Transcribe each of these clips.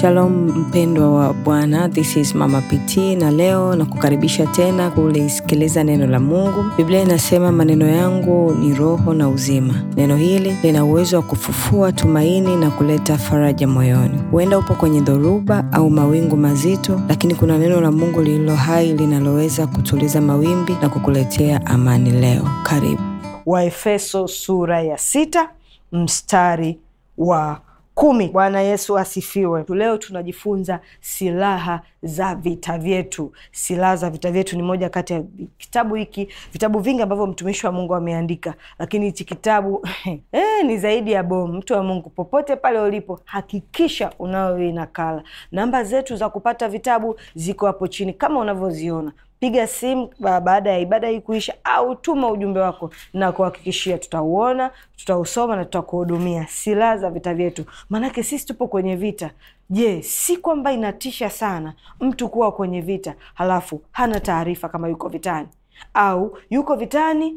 Shalom mpendwa wa Bwana, this is Mama PT na leo nakukaribisha tena kulisikiliza neno la Mungu. Biblia inasema maneno yangu ni roho na uzima. Neno hili lina uwezo wa kufufua tumaini na kuleta faraja moyoni. Huenda upo kwenye dhoruba au mawingu mazito, lakini kuna neno la Mungu lililo hai linaloweza kutuliza mawimbi na kukuletea amani leo. Karibu Waefeso sura ya sita mstari wa kumi. Bwana Yesu asifiwe. Leo tunajifunza silaha za vita vyetu. Silaha za vita vyetu ni moja kati ya kitabu hiki, vitabu vingi ambavyo mtumishi wa Mungu ameandika, lakini hichi kitabu eh, ni zaidi ya bomu. Mtu wa Mungu, popote pale ulipo, hakikisha unayo nakala. Namba zetu za kupata vitabu ziko hapo chini kama unavyoziona piga simu baada ya ibada hii kuisha, au tuma ujumbe wako, na kuhakikishia tutauona, tutausoma na tutakuhudumia. Silaha za vita vyetu, maanake sisi tupo kwenye vita. Je, yes, si kwamba inatisha sana mtu kuwa kwenye vita halafu hana taarifa kama yuko vitani, au yuko vitani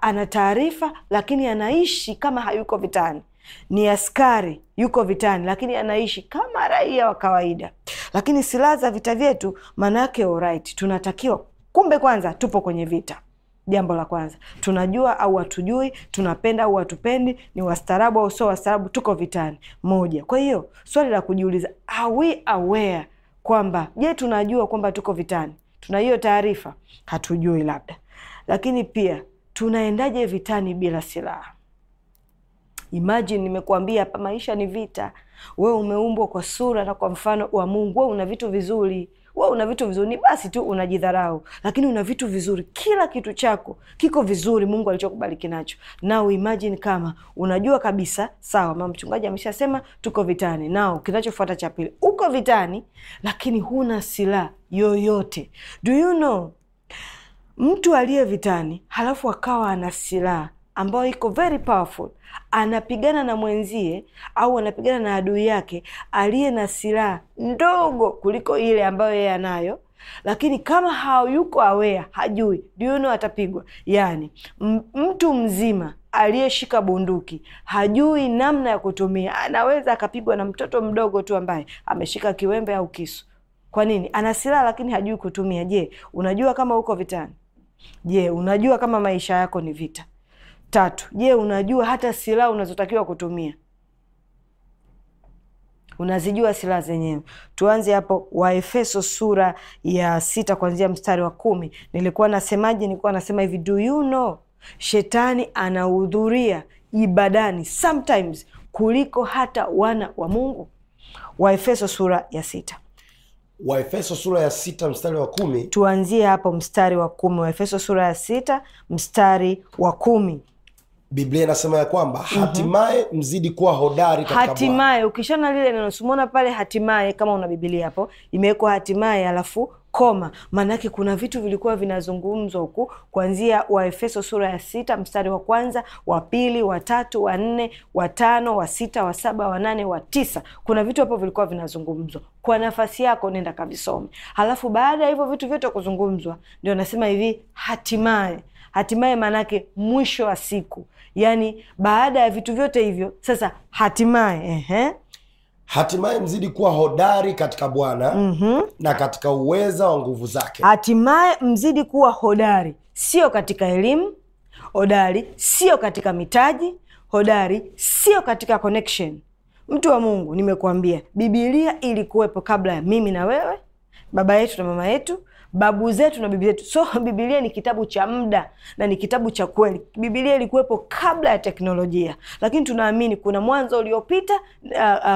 ana taarifa lakini anaishi kama hayuko vitani ni askari yuko vitani, lakini anaishi kama raia wa kawaida, lakini silaha za vita vyetu, maana yake alright, tunatakiwa kumbe, kwanza tupo kwenye vita. Jambo la kwanza, tunajua au hatujui, tunapenda au hatupendi, ni wastaarabu au sio wastaarabu, tuko vitani. Moja. Kwa hiyo swali la kujiuliza, are we aware kwamba, je, tunajua kwamba tuko vitani? Tuna hiyo taarifa? Hatujui labda. Lakini pia tunaendaje vitani bila silaha? Imagine nimekuambia hapa, maisha ni vita. Wewe umeumbwa kwa sura na kwa mfano wa Mungu. Wewe una vitu vizuri, wewe una vitu vizuri, ni basi tu unajidharau, lakini una vitu vizuri. Kila kitu chako kiko vizuri, Mungu alichokubariki nacho. Now imagine kama unajua kabisa, sawa, mama mchungaji ameshasema tuko vitani. Nao kinachofuata cha pili, uko vitani, lakini huna silaha yoyote. Do you know mtu aliye vitani halafu akawa ana silaha ambayo iko very powerful, anapigana na mwenzie au anapigana na adui yake aliye na silaha ndogo kuliko ile ambayo yeye anayo, lakini kama hayuko awea hajui do you know, atapigwa. Yani mtu mzima aliyeshika bunduki hajui namna ya kutumia, anaweza akapigwa na mtoto mdogo tu ambaye ameshika kiwembe au kisu. Kwa nini? Ana silaha lakini hajui kutumia. Je, unajua kama uko vitani? Je, unajua kama maisha yako ni vita? Tatu, je, unajua hata silaha unazotakiwa kutumia? Unazijua silaha zenyewe? Tuanze hapo, Waefeso sura ya sita kuanzia mstari wa kumi. Nilikuwa nasemaje? Nilikuwa nasema hivi, do you know shetani anahudhuria ibadani sometimes kuliko hata wana wa Mungu. Waefeso sura ya sita. Waefeso sura ya sita mstari wa kumi. Tuanzie hapo mstari wa kumi. Waefeso sura ya sita mstari wa kumi. Biblia inasema ya kwamba mhm. hatimaye mzidi kuwa hodari hatimaye. Ukishana lile neno simona pale hatimaye, kama una Biblia hapo imewekwa hatimaye, alafu koma, maanake kuna vitu vilikuwa vinazungumzwa huku kuanzia Waefeso sura ya sita mstari wa kwanza, wa pili, wa tatu, wa nne, wa tano, wa sita, wa saba, wa nane, wa tisa. Kuna vitu hapo vilikuwa vinazungumzwa. Kwa nafasi yako nenda kavisome. Halafu baada ya hivyo vitu vyote kuzungumzwa, ndio nasema hivi hatimaye. Hatimaye maanake mwisho wa siku yaani baada ya vitu vyote hivyo sasa hatimaye ehe hatimaye mzidi kuwa hodari katika bwana mm-hmm. na katika uweza wa nguvu zake hatimaye mzidi kuwa hodari sio katika elimu hodari sio katika mitaji hodari sio katika connection mtu wa mungu nimekuambia bibilia ilikuwepo kabla ya mimi na wewe baba yetu na mama yetu babu zetu na bibi zetu. So Biblia ni kitabu cha muda na ni kitabu cha kweli. Biblia ilikuwepo kabla ya teknolojia, lakini tunaamini kuna mwanzo uliopita,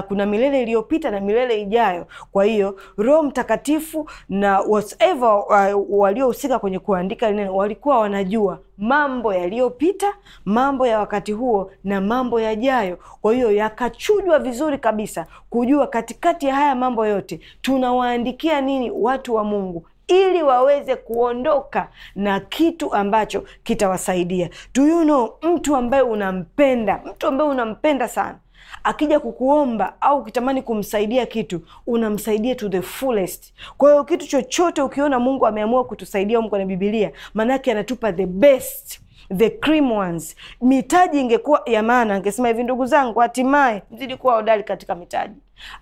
kuna milele iliyopita na milele ijayo. Kwa hiyo Roho Mtakatifu na whatever waliohusika kwenye kuandika neno walikuwa wanajua mambo yaliyopita, mambo ya wakati huo na mambo yajayo. Kwa hiyo yakachujwa vizuri kabisa kujua katikati ya haya mambo yote tunawaandikia nini watu wa Mungu ili waweze kuondoka na kitu ambacho kitawasaidia. Do you know, mtu ambaye unampenda, mtu ambaye unampenda sana akija kukuomba au ukitamani kumsaidia kitu, unamsaidia to the fullest. Kwa hiyo kitu chochote ukiona Mungu ameamua kutusaidia huko na Bibilia, maanake anatupa the best the cream ones. Mitaji ingekuwa ya maana, angesema hivi, ndugu zangu, hatimaye mzidi kuwa hodari katika mitaji.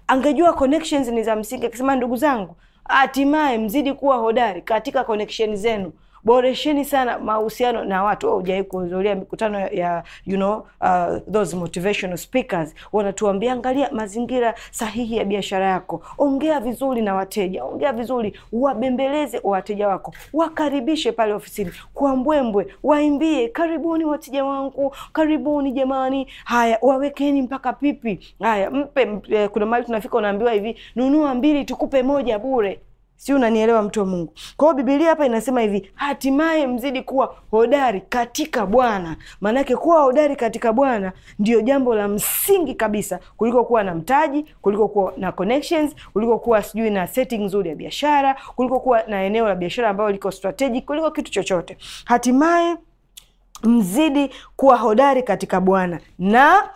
Angejua connections ni za msingi, akisema ndugu zangu, hatimaye mzidi kuwa hodari katika connection zenu boresheni sana mahusiano na watu. Hujawahi kuhudhuria mikutano ya you know, uh, those motivational speakers wanatuambia, angalia mazingira sahihi ya biashara yako, ongea vizuri na wateja, ongea vizuri, wabembeleze wateja wako, wakaribishe pale ofisini kwa mbwembwe, waimbie karibuni wateja wangu, karibuni jamani, haya wawekeni mpaka pipi, haya mpe. Eh, kuna mali tunafika unaambiwa hivi, nunua mbili tukupe moja bure si unanielewa mtu wa Mungu? Kwa hiyo Biblia hapa inasema hivi, hatimaye mzidi kuwa hodari katika Bwana. Maanake kuwa hodari katika Bwana ndio jambo la msingi kabisa, kuliko kuwa na mtaji, kuliko kuwa na connections, kuliko kuwa sijui na setting nzuri ya biashara, kuliko kuwa na eneo la biashara ambayo liko strategic, kuliko kitu chochote. Hatimaye mzidi kuwa hodari katika Bwana na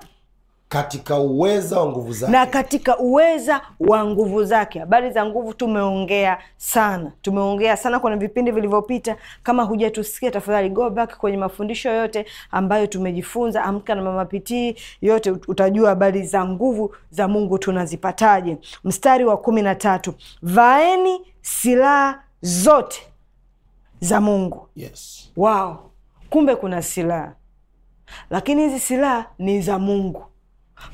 katika uweza wa nguvu zake na katika uweza wa nguvu zake. Habari za nguvu tumeongea sana, tumeongea sana kwenye vipindi vilivyopita. Kama hujatusikia, tafadhali go back kwenye mafundisho yote ambayo tumejifunza, Amka na Mama Pitii, yote utajua habari za nguvu za Mungu tunazipataje. Mstari wa kumi na tatu, vaeni silaha zote za Mungu. Yes. Wow, kumbe kuna silaha, lakini hizi silaha ni za Mungu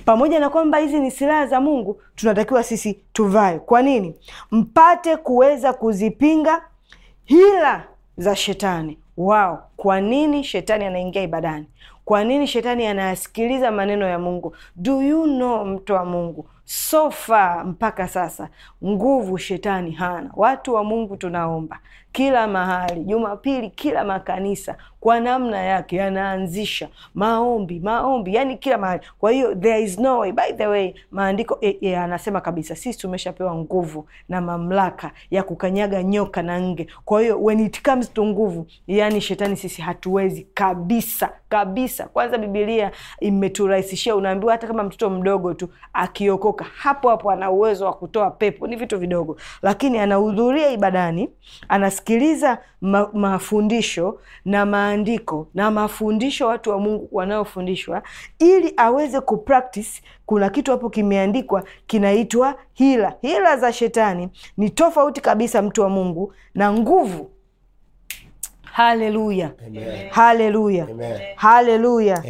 pamoja na kwamba hizi ni silaha za Mungu, tunatakiwa sisi tuvae. Kwa nini? Mpate kuweza kuzipinga hila za shetani wao. Kwa nini shetani anaingia ibadani? Kwa nini shetani anayasikiliza maneno ya Mungu? Do you know, mtu wa Mungu, sofa mpaka sasa nguvu shetani hana. Watu wa Mungu, tunaomba kila mahali, Jumapili kila makanisa kwa namna yake yanaanzisha maombi, maombi yani kila mahali. Kwa hiyo there is no way. By the way, maandiko yanasema e, e, kabisa sisi tumeshapewa nguvu na mamlaka ya kukanyaga nyoka na nge. Kwa hiyo when it comes to nguvu, yani shetani sisi hatuwezi kabisa kabisa. Kwanza Bibilia imeturahisishia, unaambiwa hata kama mtoto mdogo tu akiokoka hapo hapo ana uwezo wa kutoa pepo, ni vitu vidogo, lakini anahudhuria ibadani, anas Sikiliza ma mafundisho na maandiko na mafundisho watu wa Mungu wanaofundishwa, ili aweze kupractice. Kuna kitu hapo kimeandikwa kinaitwa hila. Hila za shetani ni tofauti kabisa, mtu wa Mungu, na nguvu Haleluya, haleluya, haleluya.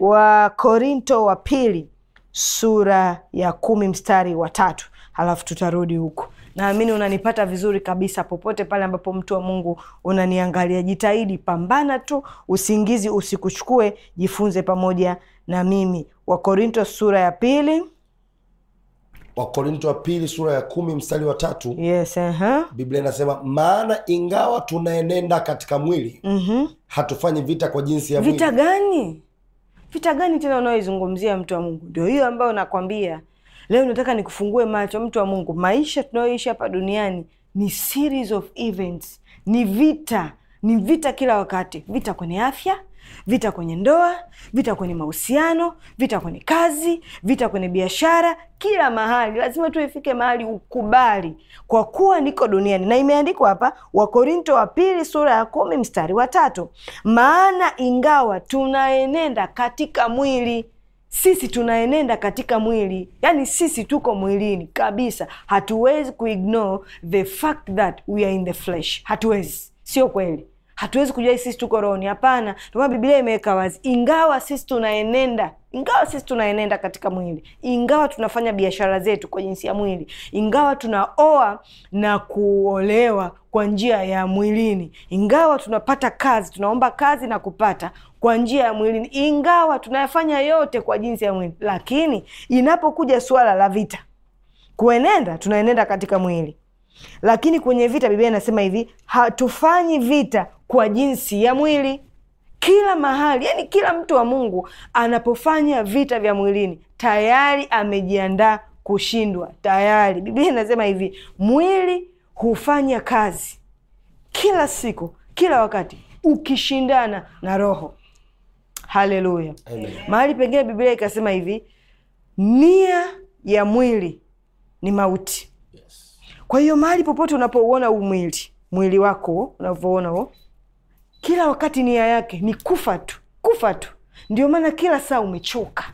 Wakorinto wa pili sura ya kumi mstari wa tatu, halafu tutarudi huko. Naamini unanipata vizuri kabisa, popote pale ambapo mtu wa Mungu unaniangalia. Jitahidi, pambana tu, usingizi usikuchukue. Jifunze pamoja na mimi. Wakorinto sura ya pili Wakorinto wa pili sura ya kumi mstari wa tatu. Yes, uh -huh. Biblia inasema maana ingawa tunaenenda katika mwili mm -hmm. hatufanyi vita kwa jinsi ya vita mwili. gani? Vita gani tena unaoizungumzia mtu wa Mungu? Ndio hiyo ambayo nakwambia Leo nataka nikufungue macho, mtu wa Mungu. Maisha tunayoishi hapa duniani ni series of events, ni vita, ni vita kila wakati, vita kwenye afya vita kwenye ndoa, vita kwenye mahusiano, vita kwenye kazi, vita kwenye biashara, kila mahali. Lazima tu ifike mahali ukubali, kwa kuwa niko duniani. Na imeandikwa hapa Wakorinto wa pili sura ya kumi mstari wa tatu maana ingawa tunaenenda katika mwili, sisi tunaenenda katika mwili, yani sisi tuko mwilini kabisa. Hatuwezi kuignore the fact that we are in the flesh, hatuwezi. Sio kweli, hatuwezi kujua sisi tuko rohoni. Hapana, ndio Biblia imeweka wazi, ingawa sisi tunaenenda ingawa sisi tunaenenda katika mwili, ingawa tunafanya biashara zetu kwa jinsi ya mwili, ingawa tunaoa na kuolewa kwa njia ya mwilini, ingawa tunapata kazi, tunaomba kazi na kupata, kwa njia ya mwili, ingawa tunayafanya yote kwa jinsi ya mwili, lakini inapokuja swala la vita kuenenda, tunaenenda katika mwili. Lakini kwenye vita Biblia inasema hivi, hatufanyi vita kwa jinsi ya mwili kila mahali. Yani kila mtu wa Mungu anapofanya vita vya mwilini tayari amejiandaa kushindwa tayari. Biblia inasema hivi, mwili hufanya kazi kila siku, kila wakati ukishindana na roho haleluya mahali pengine biblia ikasema hivi nia ya mwili ni mauti kwa hiyo mahali popote unapouona huu mwili mwili wako unavyoona huo kila wakati nia yake ni kufa tu kufa tu ndio maana kila saa umechoka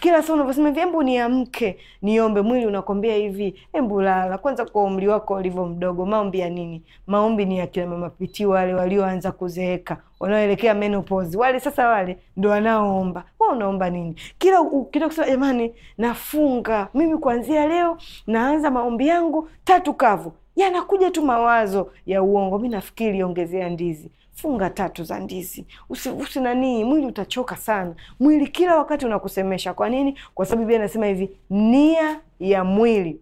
kila saa unavyosema hivi, hebu niamke niombe, mwili unakwambia hivi, hebu lala kwanza. Kwa umri wako ulivyo mdogo, maombi ya nini? Maombi ni ya kina mama piti, wale walioanza kuzeeka, wanaoelekea menopause, wale sasa, wale ndo wanaoomba. Wewe unaomba nini? Kila ukitaka kusema jamani, nafunga mimi kuanzia leo, naanza maombi yangu tatu kavu, yanakuja tu mawazo ya uongo. Mi nafikiri ongezea ndizi funga tatu za ndizi, usi, usi nanii, mwili utachoka sana. Mwili kila wakati unakusemesha. Kwa nini? Kwa sababu Biblia inasema hivi, nia ya mwili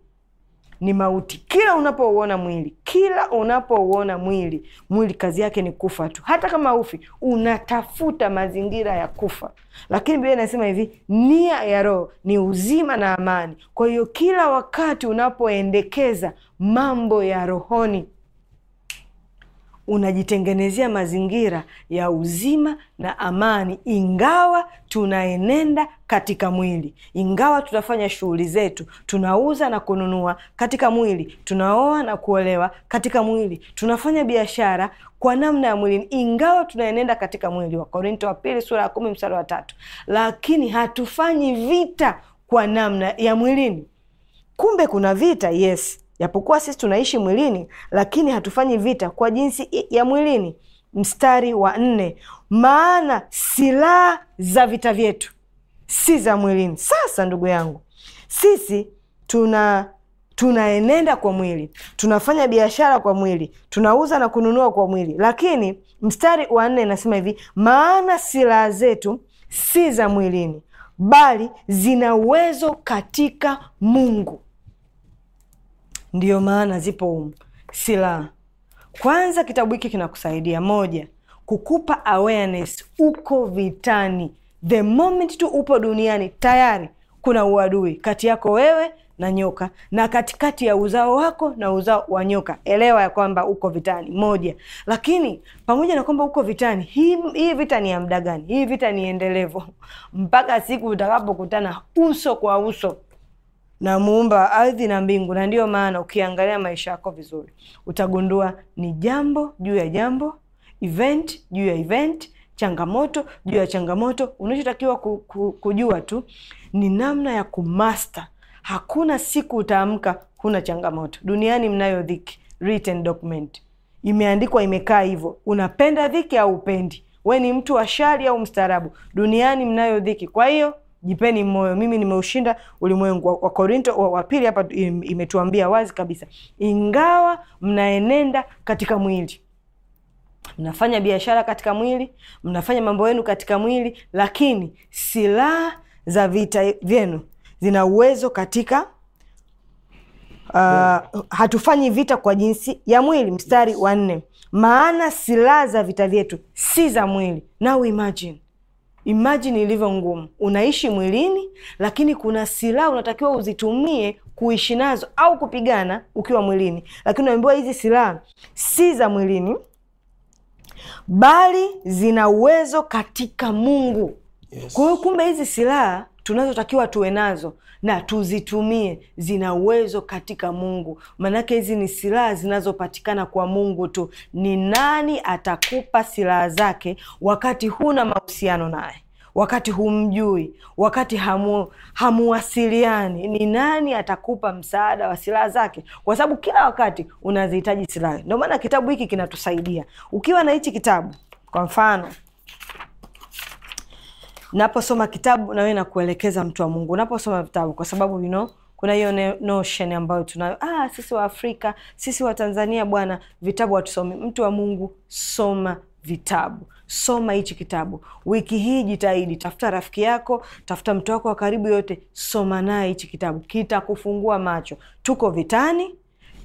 ni mauti. Kila unapouona mwili, kila unapouona mwili, mwili kazi yake ni kufa tu. Hata kama ufi, unatafuta mazingira ya kufa, lakini Biblia inasema hivi, nia ya Roho ni uzima na amani. Kwa hiyo kila wakati unapoendekeza mambo ya rohoni unajitengenezea mazingira ya uzima na amani, ingawa tunaenenda katika mwili, ingawa tunafanya shughuli zetu, tunauza na kununua katika mwili, tunaoa na kuolewa katika mwili, tunafanya biashara kwa namna ya mwilini, ingawa tunaenenda katika mwili. Wakorinto wa pili sura ya kumi mstari wa tatu. Lakini hatufanyi vita kwa namna ya mwilini. Kumbe kuna vita, yes Japokuwa sisi tunaishi mwilini, lakini hatufanyi vita kwa jinsi ya mwilini. Mstari wa nne, maana silaha za vita vyetu si za mwilini. Sasa ndugu yangu, sisi tuna tunaenenda kwa mwili, tunafanya biashara kwa mwili, tunauza na kununua kwa mwili, lakini mstari wa nne inasema hivi, maana silaha zetu si za mwilini, bali zina uwezo katika Mungu Ndiyo maana zipo silaha. Kwanza kitabu hiki kinakusaidia moja, kukupa awareness uko vitani. The moment tu upo duniani tayari kuna uadui kati yako wewe na nyoka na katikati ya uzao wako na uzao wa nyoka. Elewa ya kwamba uko vitani moja, lakini pamoja na kwamba uko vitani, hii hii vita ni ya muda gani? Hii vita ni endelevu mpaka siku utakapokutana uso kwa uso na muumba ardhi na mbingu. Na ndiyo maana ukiangalia maisha yako vizuri, utagundua ni jambo juu ya jambo, event juu ya event, changamoto juu ya changamoto. Unachotakiwa ku, ku, kujua tu ni namna ya kumasta. Hakuna siku utaamka huna changamoto. Duniani mnayo dhiki, written document imeandikwa, imekaa hivyo. Unapenda dhiki au upendi? We ni mtu wa shari au mstaarabu? Duniani mnayo dhiki, kwa hiyo jipeni moyo, mimi nimeushinda ulimwengu. Wakorinto wa pili hapa imetuambia wazi kabisa, ingawa mnaenenda katika mwili mnafanya biashara katika mwili, mnafanya mambo yenu katika mwili, lakini silaha za vita vyenu zina uwezo katika uh, hatufanyi vita kwa jinsi ya mwili. Mstari wa nne, maana silaha za vita vyetu si za mwili. Now imagine imajini ilivyo ngumu, unaishi mwilini, lakini kuna silaha unatakiwa uzitumie kuishi nazo au kupigana ukiwa mwilini, lakini unaambiwa hizi silaha si za mwilini, bali zina uwezo katika Mungu. Yes. Kwa hiyo kumbe hizi silaha tunazotakiwa tuwe nazo na tuzitumie, zina uwezo katika Mungu. Maanake hizi ni silaha zinazopatikana kwa Mungu tu. Ni nani atakupa silaha zake wakati huna mahusiano naye wakati humjui, wakati hamu, hamuwasiliani, ni nani atakupa msaada wa silaha zake? Kwa sababu kila wakati unazihitaji silaha. Ndio maana kitabu hiki kinatusaidia. Ukiwa na hichi kitabu, kwa mfano naposoma kitabu na wewe nakuelekeza mtu wa Mungu naposoma vitabu, kwa sababu you know, kuna hiyo notion ambayo tunayo ah, sisi wa Afrika, sisi wa Tanzania bwana, vitabu hatusomi. Mtu wa Mungu, soma vitabu, soma hichi kitabu. Wiki hii jitahidi, tafuta rafiki yako, tafuta mtu wako wa karibu, yote soma naye hichi kitabu, kitakufungua macho. Tuko vitani,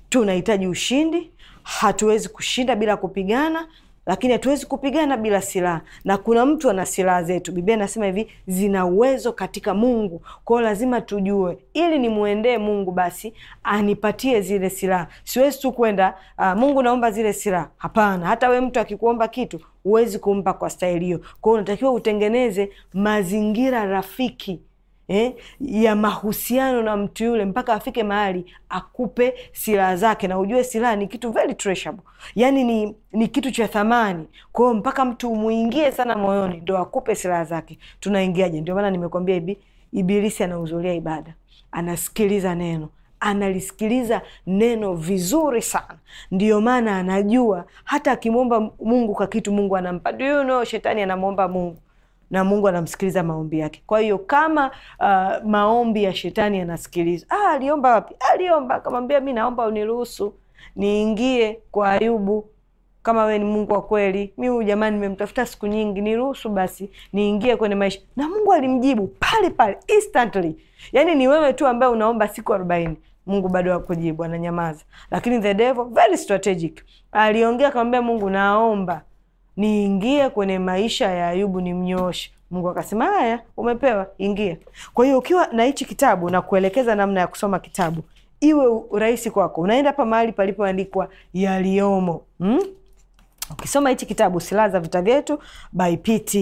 tunahitaji ushindi, hatuwezi kushinda bila kupigana lakini hatuwezi kupigana bila silaha, na kuna mtu ana silaha zetu. Biblia inasema hivi, zina uwezo katika Mungu. Kwao lazima tujue, ili nimwendee Mungu basi anipatie zile silaha. Siwezi tu kwenda uh, Mungu naomba zile silaha. Hapana, hata we mtu akikuomba kitu huwezi kumpa kwa staili hiyo. Kwao unatakiwa utengeneze mazingira rafiki eh, ya mahusiano na mtu yule mpaka afike mahali akupe silaha zake, na ujue silaha ni kitu very treasurable, yani ni, ni kitu cha thamani. Kwa hiyo mpaka mtu umuingie sana moyoni ndo akupe silaha zake. Tunaingiaje? Ndio maana nimekwambia hivi, Ibilisi anahudhuria ibada, anasikiliza neno analisikiliza neno vizuri sana, ndiyo maana anajua hata akimwomba Mungu kwa kitu Mungu anampa. Do you know, shetani anamwomba Mungu na Mungu anamsikiliza maombi yake. Kwa hiyo kama uh, maombi ya shetani yanasikilizwa, ah, aliomba wapi? Aliomba akamwambia, mi naomba uniruhusu niingie kwa Ayubu kama we ni Mungu wa kweli, mi huyu jamani nimemtafuta siku nyingi, niruhusu basi niingie kwenye maisha. Na Mungu alimjibu pale pale, instantly. Yani ni wewe tu ambaye unaomba siku arobaini, Mungu bado hakujibu, ananyamaza. Lakini the devil very strategic, aliongea akamwambia Mungu, naomba niingie kwenye maisha ya Ayubu ni nimnyooshe. Mungu akasema haya, umepewa, ingia. Kwa hiyo ukiwa na hichi kitabu na kuelekeza namna ya kusoma kitabu iwe rahisi kwako, unaenda hapa mahali palipoandikwa yaliyomo, hmm? Ukisoma hichi kitabu silaha za vita vyetu bypt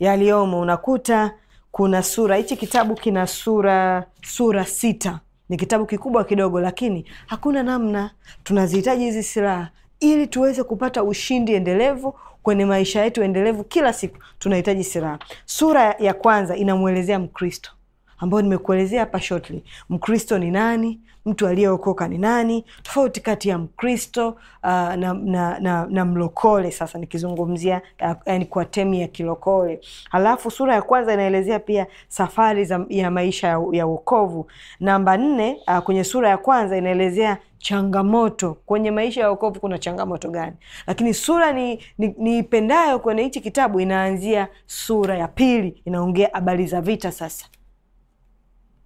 yaliyomo, unakuta kuna sura. Hichi kitabu kina sura sura sita. Ni kitabu kikubwa kidogo, lakini hakuna namna, tunazihitaji hizi silaha ili tuweze kupata ushindi endelevu kwenye maisha yetu endelevu kila siku tunahitaji silaha. Sura ya kwanza inamwelezea Mkristo ambayo nimekuelezea hapa shortly. Mkristo ni nani? mtu aliyeokoka ni nani, tofauti kati ya Mkristo uh, na, na, na, na mlokole. Sasa nikizungumzia uh, yani kwa temi ya kilokole. Halafu sura ya kwanza inaelezea pia safari za, ya maisha ya, ya wokovu. Namba nne uh, kwenye sura ya kwanza inaelezea changamoto kwenye maisha ya wokovu, kuna changamoto gani? Lakini sura niipendayo ni, ni kwenye hichi kitabu inaanzia sura ya pili, inaongea habari za vita sasa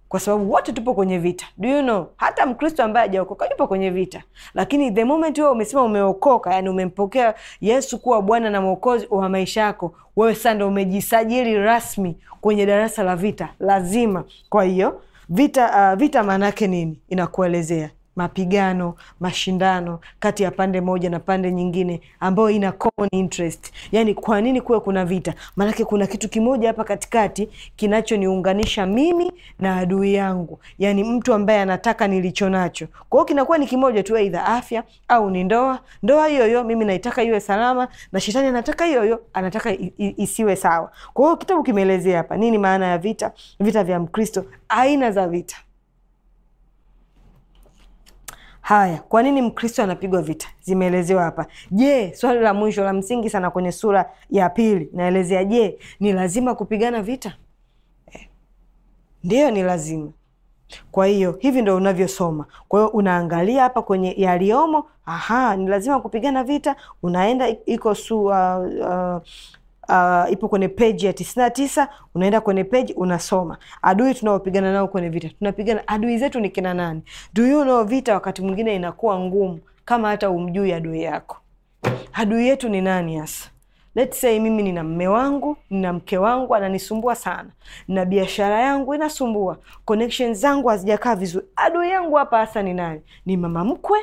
kwa sababu wote tupo kwenye vita. Do you know? Hata Mkristo ambaye hajaokoka yupo kwenye vita, lakini the moment wewe umesema umeokoka, yani umempokea Yesu kuwa Bwana na Mwokozi wa maisha yako, wewe sasa ndo umejisajili rasmi kwenye darasa la vita. Lazima kwa hiyo vita, uh, vita maana yake nini? Inakuelezea mapigano, mashindano kati ya pande moja na pande nyingine ambayo ina common interest. Yani kwa nini kuwe kuna vita? Maanake kuna kitu kimoja hapa katikati kinachoniunganisha mimi na adui yangu, yani mtu ambaye anataka nilicho nacho. Kwa hiyo kinakuwa ni kimoja tu, aidha afya au ni ndoa. Ndoa hiyo hiyo mimi naitaka iwe salama, na shetani anataka hiyo hiyo, anataka isiwe sawa. Kwa hiyo kitabu kimeelezea hapa nini maana ya vita, vita vya Mkristo, aina za vita Haya, kwa nini Mkristo anapigwa vita? Zimeelezewa hapa. Je, swali la mwisho la msingi sana kwenye sura ya pili naelezea, je, ni lazima kupigana vita? Eh, ndiyo, ni lazima. Kwa hiyo hivi ndo unavyosoma. Kwa hiyo unaangalia hapa kwenye yaliyomo, aha, ni lazima kupigana vita. Unaenda iko sura uh, uh uh, ipo kwenye peji ya tisini na tisa unaenda kwenye peji unasoma adui tunaopigana nao kwenye vita tunapigana adui zetu ni kina nani do you know vita wakati mwingine inakuwa ngumu kama hata umjui adui yako adui yetu ni nani hasa Let's say mimi nina mme wangu, nina mke wangu ananisumbua sana, na biashara yangu inasumbua, connection zangu hazijakaa vizuri. Adui yangu hapa hasa ni nani? Ni mama mkwe?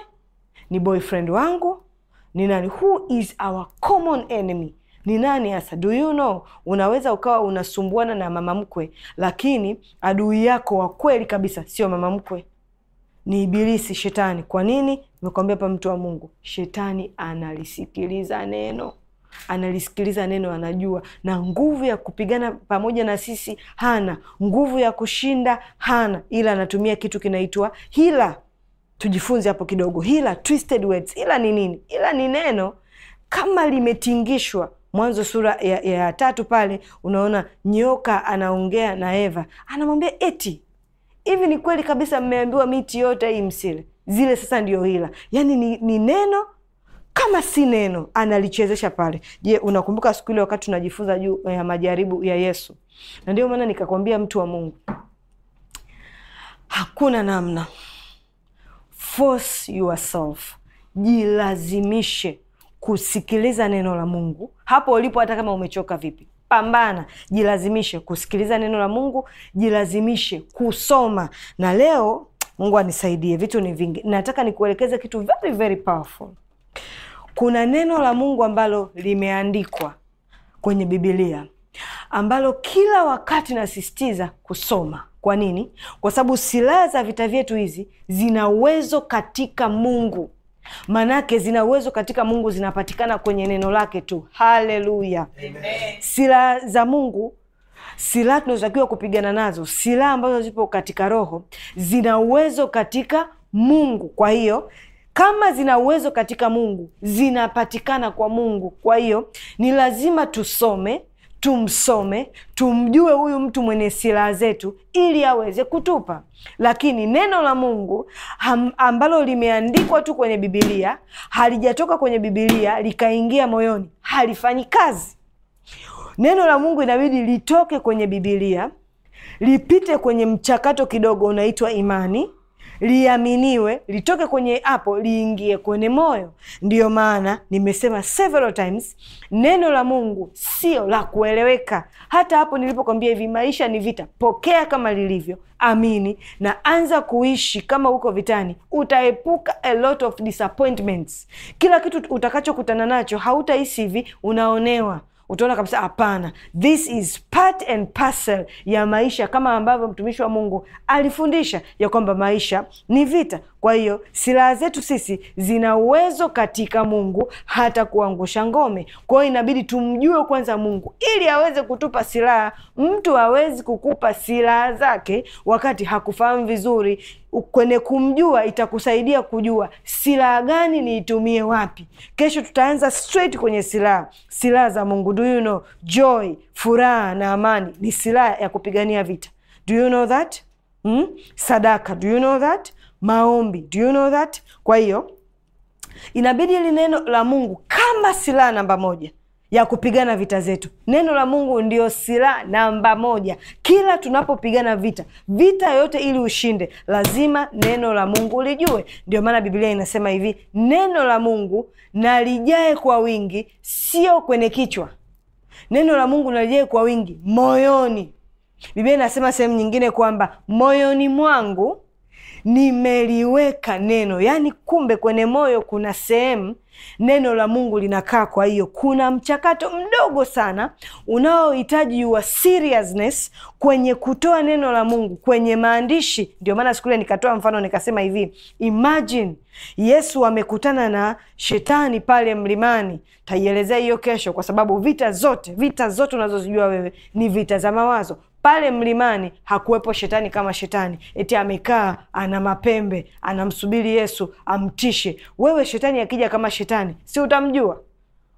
Ni boyfriend wangu? Ni nani? Who is our common enemy? ni nani hasa, do you know? Unaweza ukawa unasumbuana na mama mkwe, lakini adui yako wa kweli kabisa sio mama mkwe, ni Ibilisi, Shetani. Kwa nini? Nimekwambia pa mtu wa Mungu, Shetani analisikiliza neno analisikiliza neno, anajua na nguvu ya kupigana pamoja na sisi hana, nguvu ya kushinda hana, ila anatumia kitu kinaitwa hila. Tujifunze hapo kidogo, hila, twisted words. Hila ni nini? Hila ni neno kama limetingishwa Mwanzo sura ya, ya tatu pale unaona nyoka anaongea na Eva, anamwambia eti hivi, ni kweli kabisa mmeambiwa miti yote hii msile, zile sasa ndio hila. Yaani ni, ni neno kama si neno analichezesha pale. Je, unakumbuka siku ile wakati tunajifunza juu ya eh, majaribu ya Yesu? Na ndio maana nikakwambia mtu wa Mungu, hakuna namna, force yourself, jilazimishe kusikiliza neno la Mungu hapo ulipo, hata kama umechoka vipi Pambana, jilazimishe kusikiliza neno la Mungu, jilazimishe kusoma. Na leo Mungu anisaidie, vitu ni vingi. Nataka nikuelekeze kitu very very powerful. Kuna neno la Mungu ambalo limeandikwa kwenye Biblia ambalo kila wakati nasisitiza kusoma. Kwa nini? Kwa sababu silaha za vita vyetu hizi zina uwezo katika Mungu. Manake zina uwezo katika Mungu, zinapatikana kwenye neno lake tu. Haleluya! Silaha za Mungu, silaha tunazotakiwa kupigana nazo, silaha ambazo zipo katika roho, zina uwezo katika Mungu. Kwa hiyo kama zina uwezo katika Mungu, zinapatikana kwa Mungu. Kwa hiyo ni lazima tusome tumsome, tumjue huyu mtu mwenye silaha zetu ili aweze kutupa. Lakini neno la Mungu ham, ambalo limeandikwa tu kwenye Bibilia, halijatoka kwenye Bibilia likaingia moyoni, halifanyi kazi. Neno la Mungu inabidi litoke kwenye Bibilia, lipite kwenye mchakato kidogo unaitwa imani liaminiwe, litoke kwenye hapo liingie kwenye moyo. Ndiyo maana nimesema several times, neno la Mungu sio la kueleweka. Hata hapo nilipokwambia hivi, maisha ni vita, pokea kama lilivyo, amini na anza kuishi kama uko vitani, utaepuka a lot of disappointments. Kila kitu utakachokutana nacho hautahisi hivi unaonewa utaona kabisa hapana, this is part and parcel ya maisha, kama ambavyo mtumishi wa Mungu alifundisha ya kwamba maisha ni vita. Kwa hiyo silaha zetu sisi zina uwezo katika Mungu hata kuangusha ngome. Kwa hiyo inabidi tumjue kwanza Mungu ili aweze kutupa silaha. Mtu hawezi kukupa silaha zake wakati hakufahamu vizuri. Kwenye kumjua itakusaidia kujua silaha gani niitumie wapi. Kesho tutaanza straight kwenye silaha, silaha za Mungu. Do you know joy, furaha na amani ni silaha ya kupigania vita. Do you know that? Hmm? Sadaka, do you know that? maombi. Do you know that? Kwa hiyo inabidi ili neno la Mungu kama silaha namba moja ya kupigana vita zetu. Neno la Mungu ndio silaha namba moja. Kila tunapopigana vita, vita yoyote, ili ushinde, lazima neno la Mungu lijue. Ndio maana Biblia inasema hivi, neno la Mungu nalijae kwa wingi, sio kwenye kichwa. Neno la Mungu nalijae kwa wingi moyoni. Biblia inasema sehemu nyingine kwamba moyoni mwangu nimeliweka neno. Yaani kumbe kwenye moyo kuna sehemu neno la Mungu linakaa. Kwa hiyo kuna mchakato mdogo sana unaohitaji your seriousness kwenye kutoa neno la Mungu kwenye maandishi. Ndio maana siku ile nikatoa mfano nikasema hivi, imagine Yesu amekutana na shetani pale mlimani. Taielezea hiyo kesho, kwa sababu vita zote vita zote unazozijua wewe ni vita za mawazo pale mlimani hakuwepo shetani kama shetani, eti amekaa ana mapembe anamsubiri Yesu amtishe. Wewe shetani akija kama shetani, si utamjua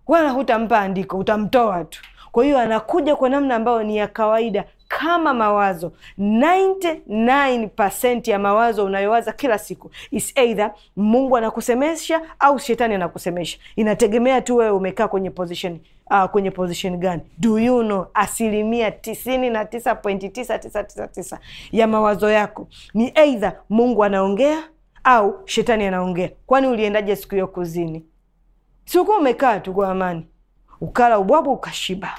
wala hutampa andiko, utamtoa tu. Kwa hiyo anakuja kwa namna ambayo ni ya kawaida kama mawazo. 99% ya mawazo unayowaza kila siku is eidha Mungu anakusemesha au shetani anakusemesha, inategemea tu wewe umekaa kwenye position uh, kwenye position gani? Do you know asilimia tisini na tisa pointi tisa tisa tisa tisa ya mawazo yako ni eidha Mungu anaongea au shetani anaongea. Kwani uliendaje siku hiyo kuzini? siukuwa umekaa tu kwa amani, ukala ubwabu ukashiba.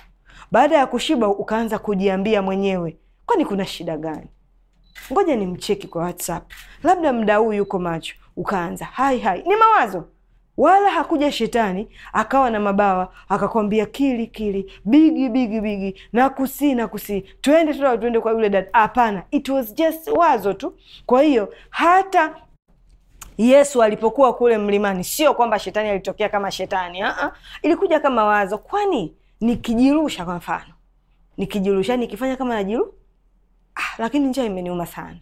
Baada ya kushiba, ukaanza kujiambia mwenyewe, kwani kuna shida gani? Ngoja ni mcheki kwa WhatsApp, labda mda huu yuko macho. Ukaanza hai hai, ni mawazo wala hakuja shetani akawa na mabawa akakwambia kili kili bigi bigi bigi na kusi na kusi twende tuna tuende kwa yule dada. Hapana, it was just wazo tu. Kwa hiyo hata Yesu alipokuwa kule mlimani, sio kwamba shetani alitokea kama shetani. uh-uh. ilikuja kama wazo. Kwani nikijirusha, kwa mfano nikijirusha, nikifanya kama najiru ah, lakini njaa imeniuma sana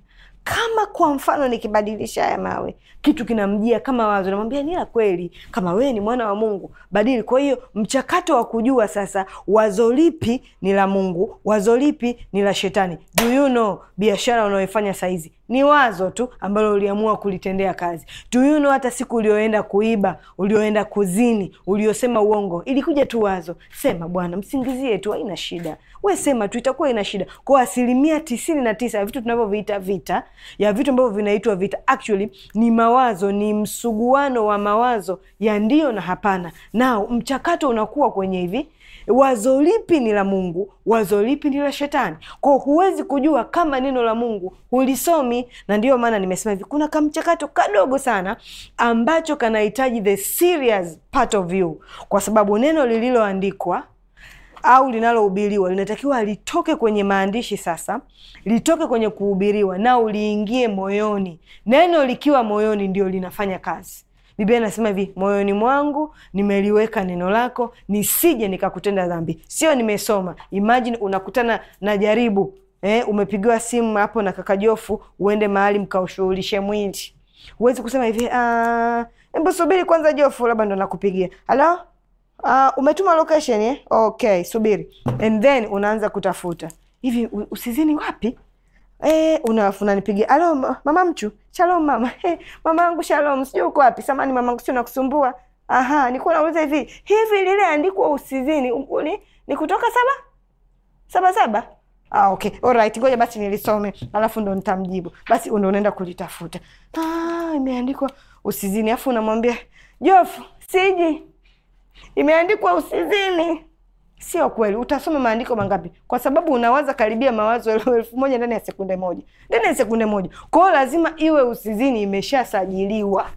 kama kwa mfano nikibadilisha haya mawe, kitu kinamjia kama wazo, namwambia ni la kweli, kama wewe ni mwana wa Mungu badili. Kwa hiyo mchakato wa kujua sasa wazo lipi ni la Mungu, wazo lipi ni la shetani. Do you know biashara unaoifanya saizi ni wazo tu ambalo uliamua kulitendea kazi. Do you know, hata siku ulioenda kuiba, ulioenda kuzini, uliosema uongo, ilikuja tu wazo. Sema bwana, msingizie tu, haina shida, we sema tu, itakuwa ina shida. Kwa asilimia tisini na tisa ya vitu tunavyoviita vita, ya vitu ambavyo vinaitwa vita, actually ni mawazo, ni msuguano wa mawazo ya ndio na hapana. Nao mchakato unakuwa kwenye hivi wazo lipi ni la Mungu, wazo lipi ni la Shetani. Kwao huwezi kujua kama neno la Mungu hulisomi fulani, na ndiyo maana nimesema hivi, kuna kamchakato kadogo sana ambacho kanahitaji the serious part of you, kwa sababu neno lililoandikwa au linalohubiriwa linatakiwa litoke kwenye maandishi sasa, litoke kwenye kuhubiriwa na uliingie moyoni. Neno likiwa moyoni, ndio linafanya kazi. Biblia inasema hivi, moyoni mwangu nimeliweka neno lako, nisije nikakutenda dhambi. Sio nimesoma. Imagine unakutana na jaribu eh, umepigiwa simu hapo na kaka Jofu uende mahali mkaushughulishe mwindi. Huwezi kusema hivi ah, hebu subiri kwanza Jofu, labda ndo nakupigia. Halo? Ah, umetuma location eh? Okay, subiri. And then unaanza kutafuta. Hivi usizini wapi? Eh, unafu unanipigia. Halo mama mchu. Shalom mama. Hey, eh, mama yangu shalom. Sijui uko wapi. Samani mama yangu sio nakusumbua. Aha, nilikuwa nauliza hivi. Hivi lile andiko usizini ni, ni kutoka saba? Saba saba? Ah, okay. right. ngoja basi nilisome alafu ndo nitamjibu. Basi ndo unaenda kulitafuta. Ah, imeandikwa usizini, Alafu unamwambia Jofu, siji, imeandikwa usizini. Sio kweli. Utasoma maandiko mangapi? Kwa sababu unawaza karibia mawazo elfu moja ndani ya sekunde moja, ndani ya sekunde moja. Kwa hiyo lazima iwe usizini, imeshasajiliwa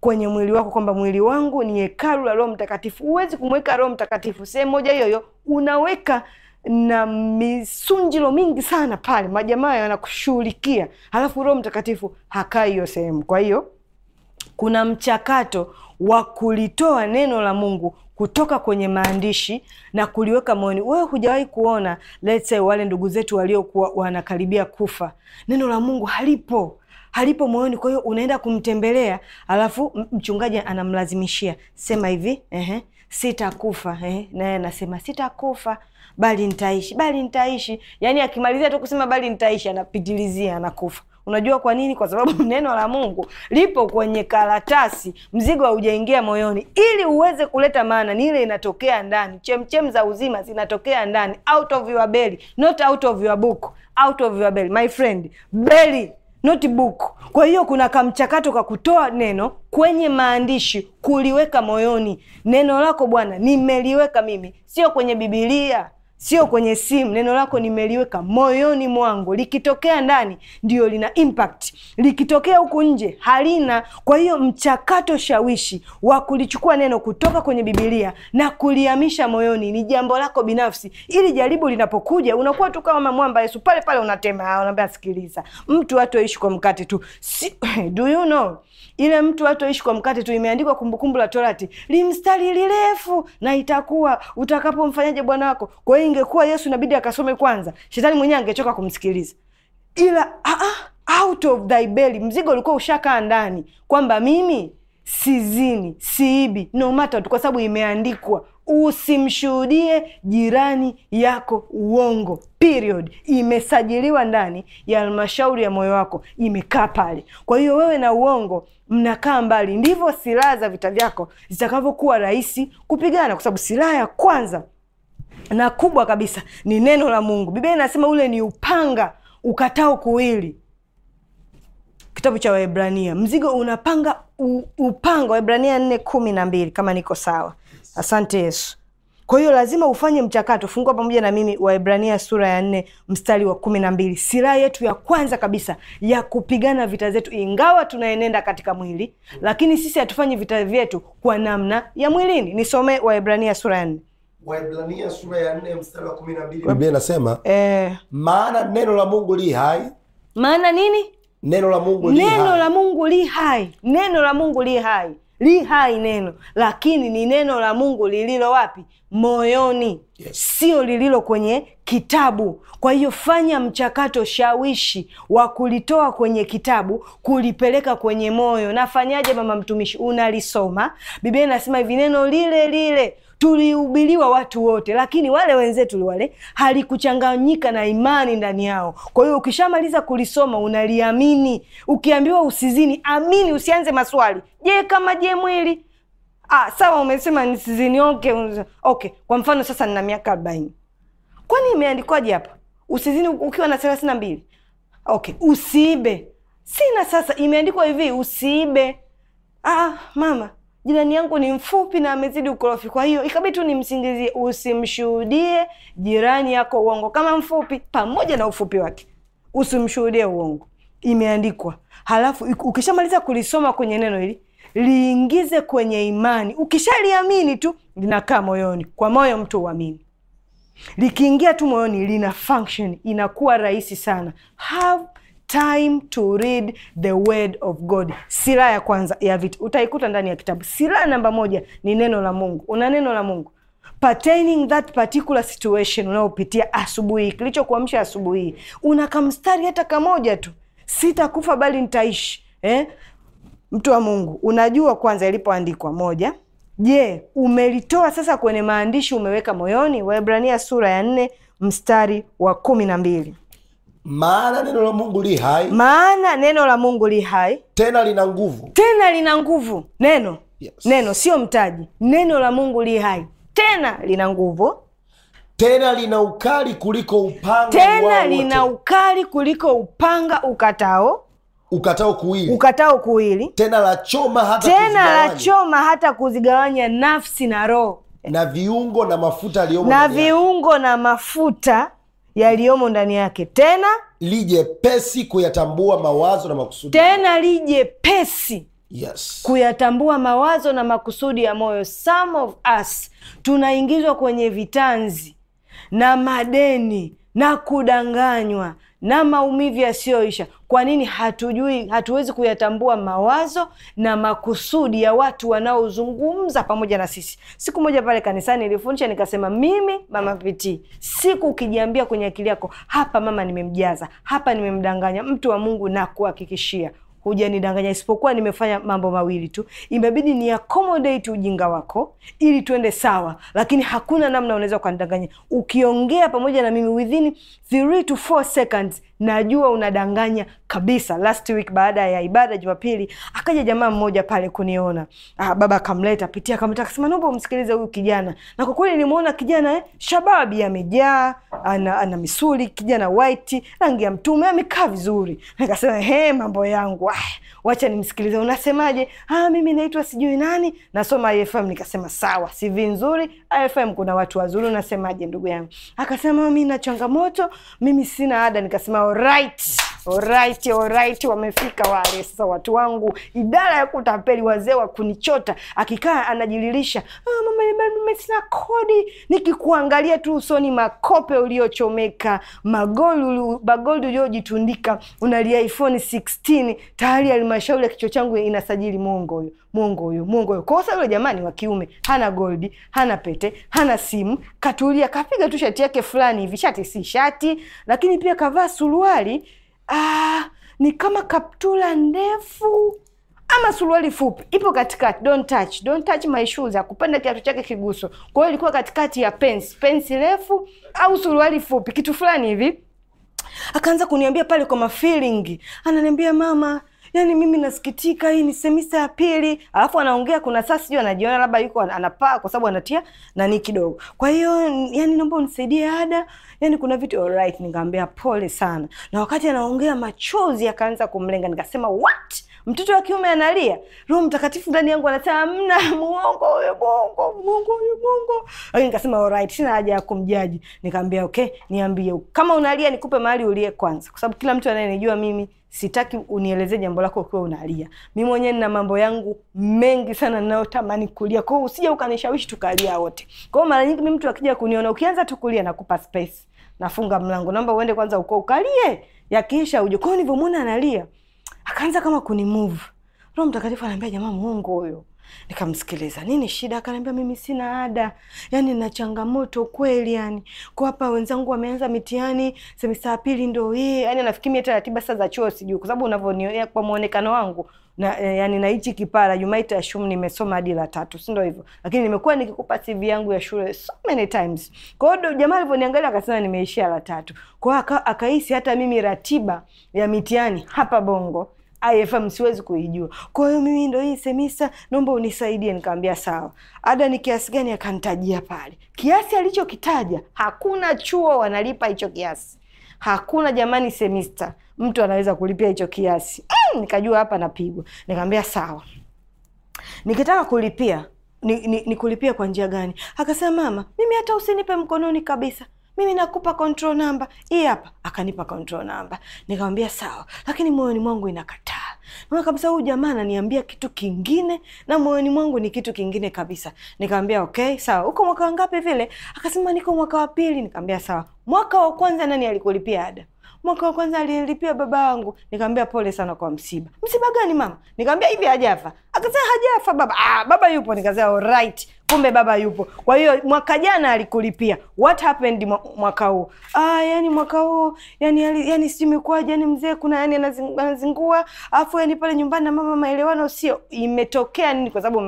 kwenye mwili wako kwamba mwili wangu ni hekalu la Roho Mtakatifu. Huwezi kumweka Roho Mtakatifu sehemu moja hiyo hiyo, unaweka na misunjilo mingi sana pale, majamaa yanakushughulikia, alafu Roho Mtakatifu hakai hiyo sehemu. Kwa hiyo kuna mchakato wa kulitoa neno la Mungu kutoka kwenye maandishi na kuliweka moyoni. Wewe hujawahi kuona let's say, wale ndugu zetu waliokuwa wanakaribia kufa, neno la Mungu halipo halipo moyoni. Kwa hiyo unaenda kumtembelea, alafu mchungaji anamlazimishia sema hivi, ehe, sitakufa. Ehe, naye anasema sitakufa bali nitaishi, bali nitaishi. Yani akimalizia tu kusema bali nitaishi, anapitilizia, anakufa. Unajua kwa nini? Kwa sababu neno la Mungu lipo kwenye karatasi, mzigo haujaingia moyoni. Ili uweze kuleta maana, ni ile inatokea ndani. Chemchem za uzima zinatokea ndani, out of your belly, not out of your book, out of your belly, my friend, belly not book. Kwa hiyo kuna kamchakato ka kutoa neno kwenye maandishi, kuliweka moyoni. Neno lako Bwana nimeliweka mimi, sio kwenye Bibilia sio kwenye simu. Neno lako nimeliweka moyoni mwangu, likitokea ndani ndio lina impact, likitokea huku nje halina. Kwa hiyo mchakato shawishi wa kulichukua neno kutoka kwenye Bibilia na kuliamisha moyoni ni jambo lako binafsi, ili jaribu linapokuja unakuwa tu kama mwamba Yesu pale pale, unatema unaambia, sikiliza, mtu hatoishi kwa mkate tu si, do you know ile mtu hatoishi kwa mkate tu, imeandikwa Kumbukumbu la Torati, limstari lirefu na itakuwa utakapomfanyaje bwana wako. Kwa hiyo ingekuwa Yesu inabidi akasome kwanza, shetani mwenyewe angechoka kumsikiliza, ila uh-uh, out of thy belly, mzigo ulikuwa ushakaa ndani kwamba mimi sizini, siibi no matter, kwa sababu imeandikwa usimshuhudie jirani yako uongo period. Imesajiliwa ndani ya halmashauri ya moyo wako, imekaa pale. Kwa hiyo wewe na uongo mnakaa mbali, ndivyo silaha za vita vyako zitakavyokuwa rahisi kupigana, kwa sababu silaha ya kwanza na kubwa kabisa ni neno la Mungu. Biblia inasema ule ni upanga ukatao kuwili, kitabu cha Waebrania. Mzigo unapanga upanga, Waebrania nne kumi na mbili kama niko sawa. Asante Yesu. Kwa hiyo lazima ufanye mchakato. Fungua pamoja na mimi Waebrania sura ya nne mstari wa kumi na mbili. Silaha yetu ya kwanza kabisa ya kupigana vita zetu, ingawa tunaenenda katika mwili, lakini sisi hatufanyi vita vyetu kwa namna ya mwilini. nisome Waebrania sura ya nne. Waebrania sura ya nne mstari wa kumi na mbili. Biblia inasema eh, maana neno la Mungu li hai. Maana nini? Neno la Mungu li hai. Neno la Mungu li hai. Neno la Mungu li hai li hai neno, lakini ni neno la Mungu lililo wapi? Moyoni, yes. Sio lililo kwenye kitabu. Kwa hiyo fanya mchakato shawishi wa kulitoa kwenye kitabu kulipeleka kwenye moyo. Nafanyaje mama mtumishi? Unalisoma Biblia, inasema hivi, neno lile lile tulihubiriwa watu wote, lakini wale wenzetu wale halikuchanganyika na imani ndani yao. Kwa hiyo ukishamaliza kulisoma unaliamini. Ukiambiwa usizini, amini, usianze maswali. Je, kama je mwili? Ah, sawa, umesema nisizini. Okay, okay. Kwa mfano sasa nina miaka arobaini, kwani imeandikwaje hapa? Usizini ukiwa na thelathini na mbili. Okay, usiibe. Sina sasa, imeandikwa hivi usiibe. Ah, mama jirani yangu ni mfupi na amezidi ukorofi, kwa hiyo ikabidi tu nimsingizie. Usimshuhudie jirani yako uongo kama mfupi, pamoja na ufupi wake, usimshuhudie uongo. Imeandikwa. Halafu ukishamaliza kulisoma kwenye neno hili, liingize kwenye imani. Ukishaliamini tu linakaa moyoni, kwa moyo mtu uamini. Likiingia tu moyoni, lina function, inakuwa rahisi sana. Have time to read the word of God. Silaha ya kwanza ya vita utaikuta ndani ya kitabu. Silaha namba moja ni neno la Mungu. Una neno la Mungu pertaining that particular situation unaopitia asubuhi, kilichokuamsha asubuhi, una kamstari hata kamoja tu, sitakufa bali nitaishi eh? Mtu wa Mungu, unajua kwanza ilipoandikwa moja Je, umelitoa sasa kwenye maandishi, umeweka moyoni? Waebrania sura ya nne mstari wa kumi na mbili maana neno la Mungu li hai, maana neno la Mungu li hai, tena lina nguvu, tena lina nguvu. Neno yes. Neno sio mtaji. Neno la Mungu li hai, tena lina nguvu, tena lina ukali kuliko upanga, tena lina ukali kuliko upanga ukatao ukatao kuwili, ukatao kuwili, tena la choma hata, tena la choma hata kuzigawanya nafsi na roho na viungo na mafuta aliyomo na viungo na mafuta yaliyomo ndani yake, tena lijepesi kuyatambua mawazo na makusudi, tena lijepesi Yes. Kuyatambua mawazo na makusudi ya moyo. Some of us tunaingizwa kwenye vitanzi na madeni na kudanganywa na maumivu yasiyoisha. Kwa nini hatujui, hatuwezi kuyatambua mawazo na makusudi ya watu wanaozungumza pamoja na sisi? Siku moja pale kanisani ilifundisha nikasema, mimi mama Pitii, siku ukijiambia kwenye akili yako, hapa mama nimemjaza, hapa nimemdanganya mtu wa Mungu, na kuhakikishia hujanidanganya, isipokuwa nimefanya mambo mawili tu, imebidi ni accommodate ujinga wako ili tuende sawa, lakini hakuna namna unaweza ukanidanganya. Ukiongea pamoja na mimi within 3 to 4 seconds najua unadanganya kabisa. Last week baada ya ibada Jumapili akaja jamaa mmoja pale kuniona. Ah, baba akamleta pitia, kamta akasema, naomba umsikilize huyu kijana. Na kwa kweli nimeona kijana eh, shababi amejaa, ana, ana misuli, kijana white, rangi ya mtume, amekaa vizuri. Nikasema he, mambo yangu ah, wacha nimsikilize. Unasemaje? Ah, mimi naitwa sijui nani, nasoma IFM. Nikasema sawa, sivi nzuri, IFM kuna watu wazuri, unasemaje ndugu yangu? Akasema mimi na changamoto, mimi sina ada. Nikasema alright Alright, alright, wamefika wale sasa watu wangu, idara ya kutapeli, wazee wa kunichota. Akikaa anajililisha, ah, mama mimi sina kodi. Nikikuangalia tu usoni, makope uliochomeka, magoli magoli uliojitundika, unalia iPhone 16 tayari. Halmashauri ya kichwa changu inasajili mongo huyo, mongo huyo, mongo huyo. Kosa yule jamani wa kiume, hana goldi, hana pete, hana simu, katulia, kapiga tu shati yake fulani hivi, shati si shati, lakini pia kavaa suruali ah, ni kama kaptula ndefu ama suruali fupi ipo katikati. Don't touch, don't touch my shoes, akupenda kiatu chake kiguso. Kwa hiyo ilikuwa katikati ya pensi pensi refu au suruali fupi, kitu fulani hivi. Akaanza kuniambia pale kwa mafeeling, ananiambia mama yani mimi nasikitika, hii ni semista ya pili, alafu anaongea kuna saa sijui anajiona labda yuko anapaa kwa sababu anatia nani kidogo. Kwa hiyo yani naomba unisaidie ada, yani kuna vitu alright. Nikamwambia pole sana, na wakati anaongea machozi akaanza kumlenga, nikasema what mtoto wa kiume analia, Roho Mtakatifu ndani yangu anasema mna muongo huyo, bongo muongo huyo, bongo. Lakini nikasema alright, sina haja ya kumjaji. Nikamwambia okay, niambie kama unalia, nikupe mahali ulie kwanza, kwa sababu kila mtu anayenijua mimi sitaki unielezee jambo lako ukiwa unalia. Mi mwenyewe nina mambo yangu mengi sana ninayotamani kulia, kwa hiyo usije ukanishawishi tukalia wote. Kwa hiyo mara nyingi mi mtu akija kuniona ukianza tu kulia nakupa space, nafunga mlango, naomba uende kwanza uko ukalie, yakiisha uje. Kwa hiyo nilivyomwona analia akaanza kama kunimove, Roho Mtakatifu anaambia jamaa, mwongo huyo Nikamsikiliza, nini shida? Akaniambia mimi sina ada, yani na changamoto kweli, yani kwa hapa wenzangu wameanza mitihani semesta ya pili ndo hii, yaani anafikiri hata ratiba sasa za chuo sijui, kwa sababu unavyonionea eh, kwa muonekano wangu na eh, yani na hichi kipara you might assume nimesoma hadi la tatu, si ndio hivyo? Lakini nimekuwa nikikupa CV yangu ya shule so many times. Kwa hiyo jamaa alivyoniangalia akasema nimeishia la tatu, kwa hiyo akahisi hata mimi ratiba ya mitihani hapa Bongo IFM siwezi kuijua. Kwa hiyo mimi ndo hii semista naomba unisaidie. Nikaambia sawa. Ada ni kiasi gani? Akanitajia pale. Kiasi alichokitaja hakuna chuo wanalipa hicho kiasi. Hakuna jamani semista mtu anaweza kulipia hicho kiasi. Mm, nikajua hapa napigwa. Nikaambia sawa. Nikitaka kulipia ni, ni, ni kulipia kwa njia gani? Akasema mama, mimi hata usinipe mkononi kabisa mimi nakupa control number hii hapa. Akanipa control number, nikamwambia sawa, lakini moyoni mwangu inakataa maana kabisa huyu jamaa ananiambia kitu kingine na moyoni mwangu ni kitu kingine kabisa. Nikamwambia okay, sawa, uko mwaka wangapi vile? Akasema niko mwaka wa pili. Nikamwambia sawa, mwaka wa kwanza nani alikulipia ada? Mwaka wa kwanza alilipia baba wangu. Nikamwambia pole sana kwa msiba. Msiba gani mama? Nikamwambia hivi hajafa. Akasema hajafa baba. Ah, baba yupo. Nikasema alright, kumbe baba yupo. Kwa hiyo mwaka jana alikulipia, what happened mwaka huu? Ah, yani mwaka huu yani yani, yani si imekuwaje? Yani mzee kuna yani anazingua, afu yani pale nyumbani na mama maelewano sio, imetokea nini? Kwa sababu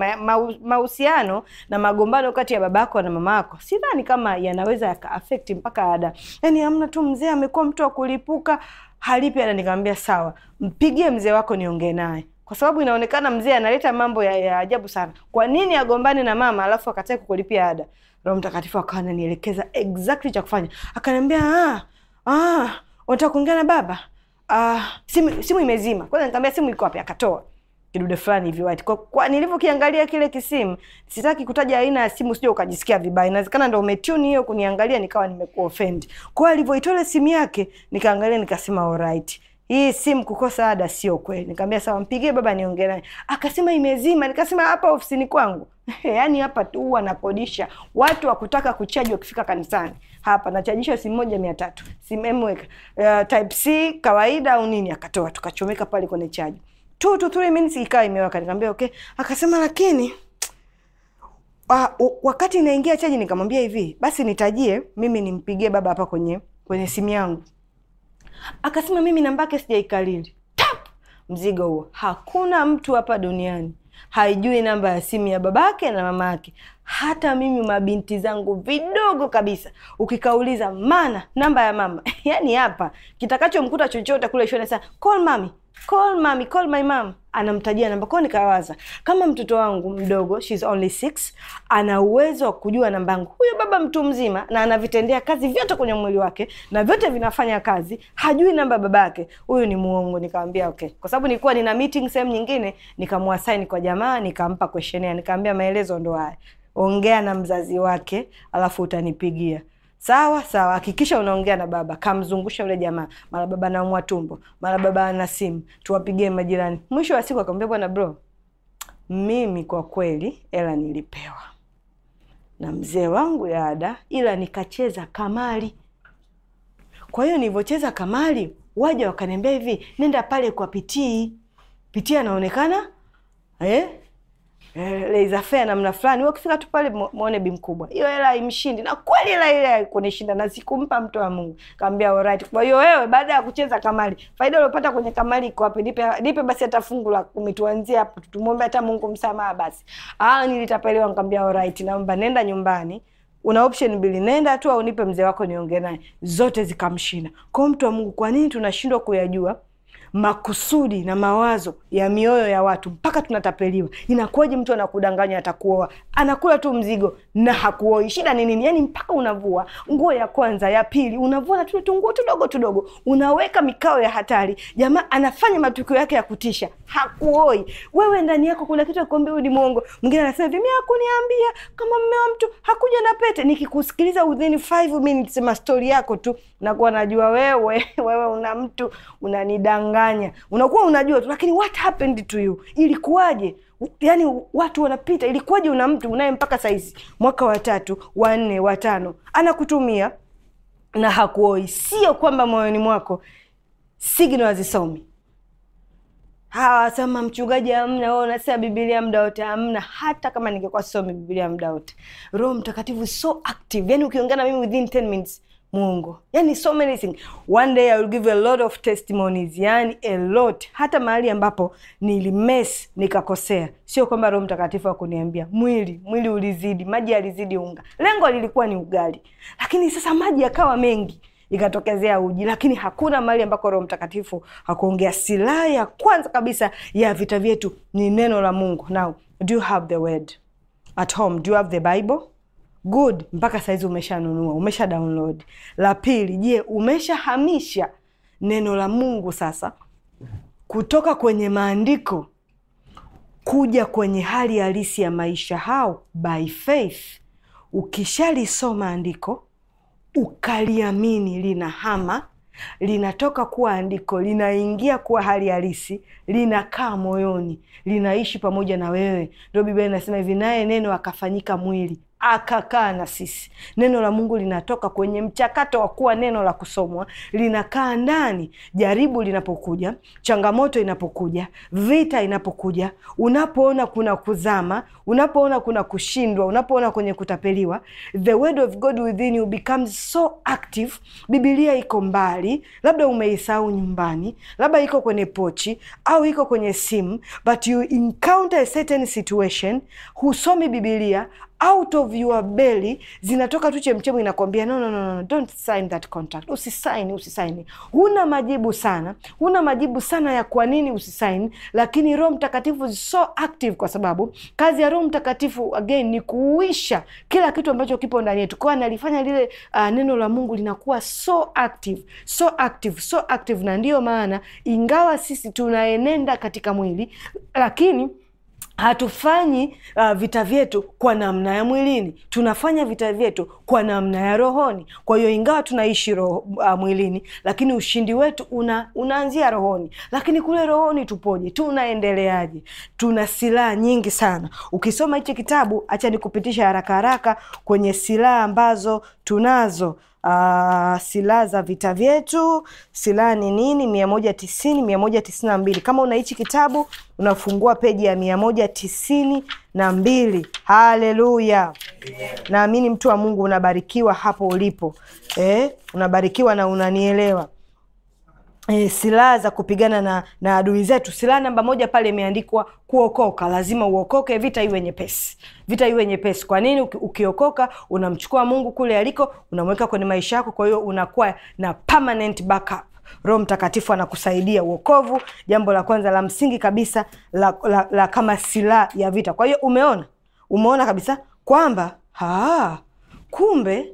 mahusiano ma, na magombano kati ya babako na mama yako sidhani kama yanaweza yaka affect mpaka ada, yani hamna tu, mzee amekuwa mtu wa kulipuka, halipi ada. Nikamwambia sawa, mpigie mzee wako niongee naye kwa sababu inaonekana mzee analeta mambo ya, ya ajabu sana. Kwa nini agombane na mama alafu akatae kukulipia ada? Roho Mtakatifu akawa ananielekeza exactly cha kufanya, akaniambia ah, ah, unataka kuongea na baba? Ah, simu, simu imezima. Kwanza nikamwambia simu iko wapi? Akatoa kidude fulani hivi white. Kwa, kwa nilivyokiangalia kile kisimu, sitaki kutaja aina ya simu, sio ukajisikia vibaya. Inawezekana ndio umetune hiyo kuniangalia, nikawa nimekuwa offend. Kwa alivyoitoa simu yake, nikaangalia nikasema alright hii simu kukosa ada sio kweli. Nikamwambia sawa, mpigie baba niongee naye. Akasema imezima. Nikasema hapa ofisini kwangu yaani hapa tu wanakodisha watu wa kutaka kuchaji wakifika kanisani. Hapa nachajisha simu moja mia tatu simu emweka uh, eh, type C kawaida au nini, akatoa tukachomeka pale kwenye chaji tu tu three minutes ikawa imewaka. Nikamwambia okay, akasema lakini wa, ah, wakati inaingia chaji, nikamwambia hivi basi nitajie mimi nimpigie baba hapa kwenye kwenye simu yangu Akasema mimi namba yake sijaikalili. Tap! Mzigo huo. Hakuna mtu hapa duniani haijui namba ya simu ya babake na mamake. Hata mimi mabinti zangu vidogo kabisa, ukikauliza mana namba ya mama, yani hapa kitakachomkuta chochote kule shule, call mami call mommy, call my mom, anamtajia namba kwao. Nikawaza kama mtoto wangu mdogo, she's only six, ana uwezo wa kujua namba yangu. Huyo baba mtu mzima na anavitendea kazi vyote kwenye mwili wake na vyote vinafanya kazi, hajui namba yake, huyu ni muongo. Nikamwambia okay, kwa sababu nilikuwa nina meeting sehemu nyingine, nikamwasaini kwa jamaa, nikampa questionnaire, nikamwambia maelezo ndo haya, ongea na mzazi wake alafu utanipigia. Sawa sawa, hakikisha unaongea na baba, kamzungusha yule jamaa, mara baba anaumwa tumbo, mara baba ana simu, tuwapigie majirani. Mwisho wa siku akamwambia, bwana bro, mimi kwa kweli hela nilipewa na mzee wangu ya ada, ila nikacheza kamari. Kwa hiyo nilivyocheza kamari, waja wakaniambia hivi, nenda pale kwa Pitii. Pitii anaonekana eh, Eh, les affair namna fulani, wewe ukifika tu pale muone bi mkubwa, hiyo hela imshindi. Na kweli hela ile haikunishinda na sikumpa mtu wa Mungu, kaambia alright. Kwa hiyo wewe, baada ya kucheza kamari, faida uliyopata kwenye kamari iko wapi? Nipe nipe basi hata fungu la kumi, tuanzie hapo, tumuombe hata Mungu msamaha basi. Ah, nilitapelewa, nikamwambia alright, naomba nenda nyumbani una option mbili, nenda tu au nipe mzee wako niongee naye. Zote zikamshinda Kwa mtu wa Mungu, kwa nini tunashindwa kuyajua makusudi na mawazo ya mioyo ya watu mpaka tunatapeliwa. Inakuwaje mtu anakudanganya atakuoa, anakula tu mzigo, na hakuoi. Shida ni nini? Yani mpaka unavua nguo ya kwanza, ya pili, unavua na tunguo tudogo tudogo, unaweka mikao ya hatari. Jamaa anafanya matukio yake ya kutisha, hakuoi. Wewe ndani yako kuna kitu akwambia, huyu ni mwongo. Mwingine anasema hivi, mimi hakuniambia kama mme wa mtu hakuja na pete. Nikikusikiliza within 5 minutes mastori yako tu, nakuwa najua wewe wewe una mtu unanidanganya, unakuwa unajua tu, lakini what happened to you, ilikuwaje? yani watu wanapita, ilikuwaje? Una mtu unaye mpaka saizi mwaka watatu wanne wa nne anakutumia na hakuoi, sio kwamba moyoni mwako signo hazisomi. Hawasema mchungaji hamna, wao unasema bibilia muda wote hamna. Hata kama ningekuwa somi bibilia muda wote, Roho Mtakatifu so active, yani ukiongea na mimi within 10 minutes Mungu. Yani so many things. One day I will give a lot of testimonies. yani a lot. Hata mahali ambapo nilimess nikakosea. Sio kwamba Roho Mtakatifu akuniambia mwili, mwili ulizidi, maji yalizidi unga. Lengo lilikuwa ni ugali. Lakini sasa maji yakawa mengi. Ikatokezea uji, lakini hakuna mahali ambako Roho Mtakatifu hakuongea. Silaha ya kwanza kabisa ya vita vyetu ni neno la Mungu. Now, do you have the word? At home, do you have the Bible? Good, mpaka saizi umeshanunua, umesha download. La pili, je, umeshahamisha neno la Mungu sasa kutoka kwenye maandiko kuja kwenye hali halisi ya maisha hao by faith. Ukishalisoma andiko ukaliamini, lina hama linatoka kuwa andiko linaingia kuwa hali halisi, linakaa moyoni, linaishi pamoja na wewe. Ndio Biblia inasema hivi, naye neno akafanyika mwili akakaa na sisi. Neno la Mungu linatoka kwenye mchakato wa kuwa neno la kusomwa, linakaa ndani. Jaribu linapokuja, changamoto inapokuja, vita inapokuja, unapoona kuna kuzama, unapoona kuna kushindwa, unapoona kwenye kutapeliwa, the word of God within you becomes so active. Bibilia iko mbali, labda umeisahau nyumbani, labda iko kwenye pochi au iko kwenye simu, but you encounter a certain situation, husomi Bibilia out of your belly zinatoka tu chemchemu inakwambia no, no, no, no, don't sign that contract, usisaini, usisaini. Huna majibu sana, huna majibu sana ya kwa nini usisaini, lakini Roho Mtakatifu is so active, kwa sababu kazi ya Roho Mtakatifu again ni kuuisha kila kitu ambacho kipo ndani yetu, kwa analifanya lile uh, neno la Mungu linakuwa so active, so active, so active. Na ndiyo maana ingawa sisi tunaenenda katika mwili lakini Hatufanyi uh, vita vyetu kwa namna ya mwilini, tunafanya vita vyetu kwa namna ya rohoni. Kwa hiyo ingawa tunaishi roho, uh, mwilini, lakini ushindi wetu una, unaanzia rohoni. Lakini kule rohoni tupoje? Tunaendeleaje? Tuna silaha nyingi sana. Ukisoma hichi kitabu, acha nikupitisha haraka haraka kwenye silaha ambazo tunazo Uh, silaha za vita vyetu, silaha ni nini, mia moja tisini mia moja tisini na mbili Kama una hichi kitabu unafungua peji ya mia moja tisini na mbili Haleluya! Naamini mtu wa Mungu unabarikiwa hapo ulipo eh, unabarikiwa na unanielewa. E, silaha za kupigana na, na adui zetu. Silaha namba moja pale imeandikwa kuokoka. Lazima uokoke, vita iwe nyepesi, vita iwe nyepesi. Kwa nini? Ukiokoka unamchukua Mungu kule aliko, unamweka kwenye maisha yako, kwa hiyo unakuwa na permanent backup. Roho Mtakatifu anakusaidia uokovu, jambo la kwanza la msingi kabisa la, la, la kama silaha ya vita. Kwa hiyo umeona, umeona kabisa kwamba kumbe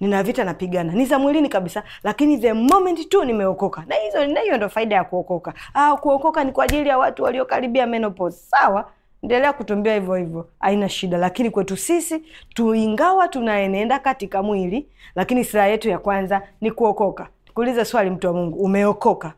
nina vita napigana, ni za mwilini kabisa, lakini the moment tu nimeokoka. Na hizo na hiyo ndo faida ya kuokoka. Ah, kuokoka ni kwa ajili ya watu waliokaribia menopause. Sawa, endelea kutumbia hivyo hivyo, haina shida. Lakini kwetu sisi tuingawa tunaenenda katika mwili, lakini silaha yetu ya kwanza ni kuokoka. Kuuliza swali, mtu wa Mungu, umeokoka?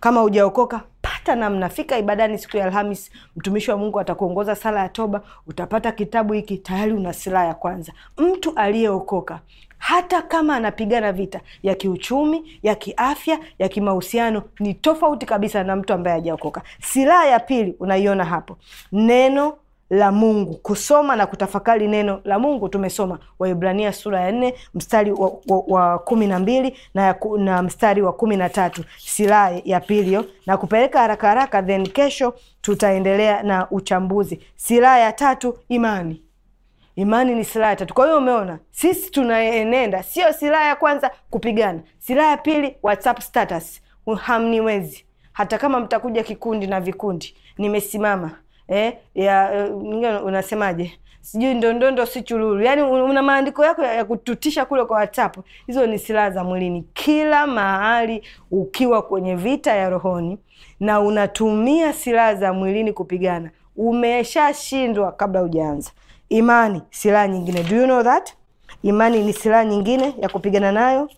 Kama hujaokoka hata na mnafika ibadani siku ya Alhamis, mtumishi wa Mungu atakuongoza sala ya toba, utapata kitabu hiki tayari, una silaha ya kwanza. Mtu aliyeokoka hata kama anapigana vita ya kiuchumi, ya kiafya, ya kimahusiano, ni tofauti kabisa na mtu ambaye hajaokoka. Silaha ya pili unaiona hapo, neno la Mungu, kusoma na kutafakari neno la Mungu. Tumesoma Waibrania sura ya nne mstari wa, wa, wa kumi na mbili na, na mstari wa kumi na tatu silaha ya pilio na kupeleka haraka haraka, then kesho tutaendelea na uchambuzi. Silaha ya tatu imani. Imani ni silaha ya tatu. Kwa hiyo umeona, sisi tunaenenda sio silaha ya kwanza kupigana, silaha ya pili WhatsApp status hamniwezi, hata kama mtakuja kikundi na vikundi, nimesimama eh, ya nyingine eh, unasemaje, sijui ndondondo si chururu, yaani una maandiko yako ya kututisha kule kwa WhatsApp. Hizo ni silaha za mwilini kila mahali, ukiwa kwenye vita ya rohoni na unatumia silaha za mwilini kupigana, umeshashindwa kabla hujaanza. Imani silaha nyingine, do you know that? Imani ni silaha nyingine ya kupigana nayo.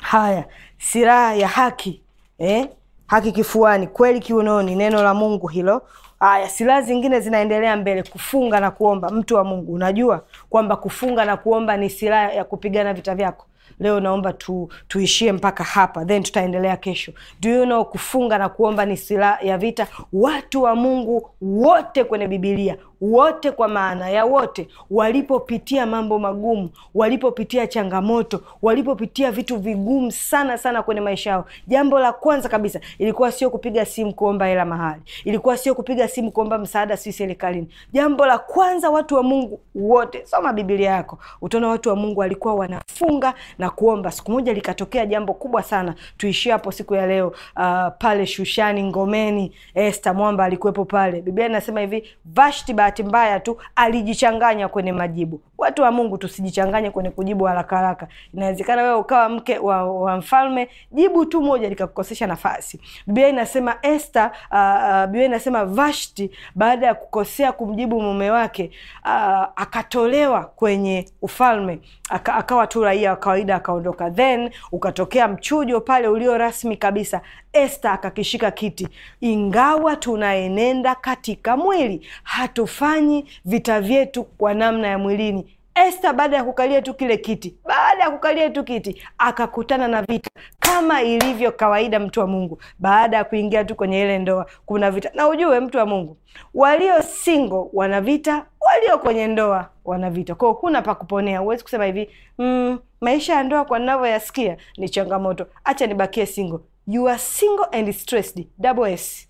Haya, silaha ya haki eh? haki kifuani, kweli kiunoni, neno la Mungu hilo Aya, silaha zingine zinaendelea mbele, kufunga na kuomba. Mtu wa Mungu, unajua kwamba kufunga na kuomba ni silaha ya kupigana vita vyako. Leo naomba tu, tuishie mpaka hapa, then tutaendelea kesho. Do you know, kufunga na kuomba ni silaha ya vita. Watu wa Mungu wote kwenye Bibilia wote kwa maana ya wote walipopitia mambo magumu, walipopitia changamoto, walipopitia vitu vigumu sana sana kwenye maisha yao, jambo la kwanza kabisa ilikuwa sio kupiga simu kuomba hela mahali, ilikuwa sio kupiga simu kuomba msaada si serikalini. Jambo la kwanza, watu wa Mungu wote, soma Biblia yako utaona watu wa Mungu walikuwa wanafunga na kuomba. Siku moja likatokea jambo kubwa sana, tuishie hapo siku ya leo. Uh, pale Shushani Ngomeni, Esther Mwamba alikuwepo pale. Biblia inasema hivi Vashti bahati mbaya tu alijichanganya kwenye majibu. Watu wa Mungu, tusijichanganye kwenye kujibu haraka haraka. Inawezekana wewe ukawa mke wa, wa mfalme, jibu tu moja likakukosesha nafasi. Biblia inasema Esther, uh, uh Biblia inasema Vashti baada ya kukosea kumjibu mume wake, uh, akatolewa kwenye ufalme, aka, akawa tu raia wa kawaida akaondoka. Then ukatokea mchujo pale ulio rasmi kabisa. Esta akakishika kiti. Ingawa tunaenenda katika mwili, hatufanyi vita vyetu kwa namna ya mwilini. Esta baada ya kukalia tu kile kiti, baada ya kukalia tu kiti akakutana na vita kama ilivyo kawaida, mtu wa Mungu. Baada ya kuingia tu kwenye ile ndoa kuna vita, na ujue mtu wa Mungu, walio single wana vita, walio kwenye ndoa wana vita. Kwao kuna pa kuponea, huwezi kusema hivi mm, maisha ya ndoa kwa ninavyoyasikia ni changamoto, acha nibakie single you are single and stressed double s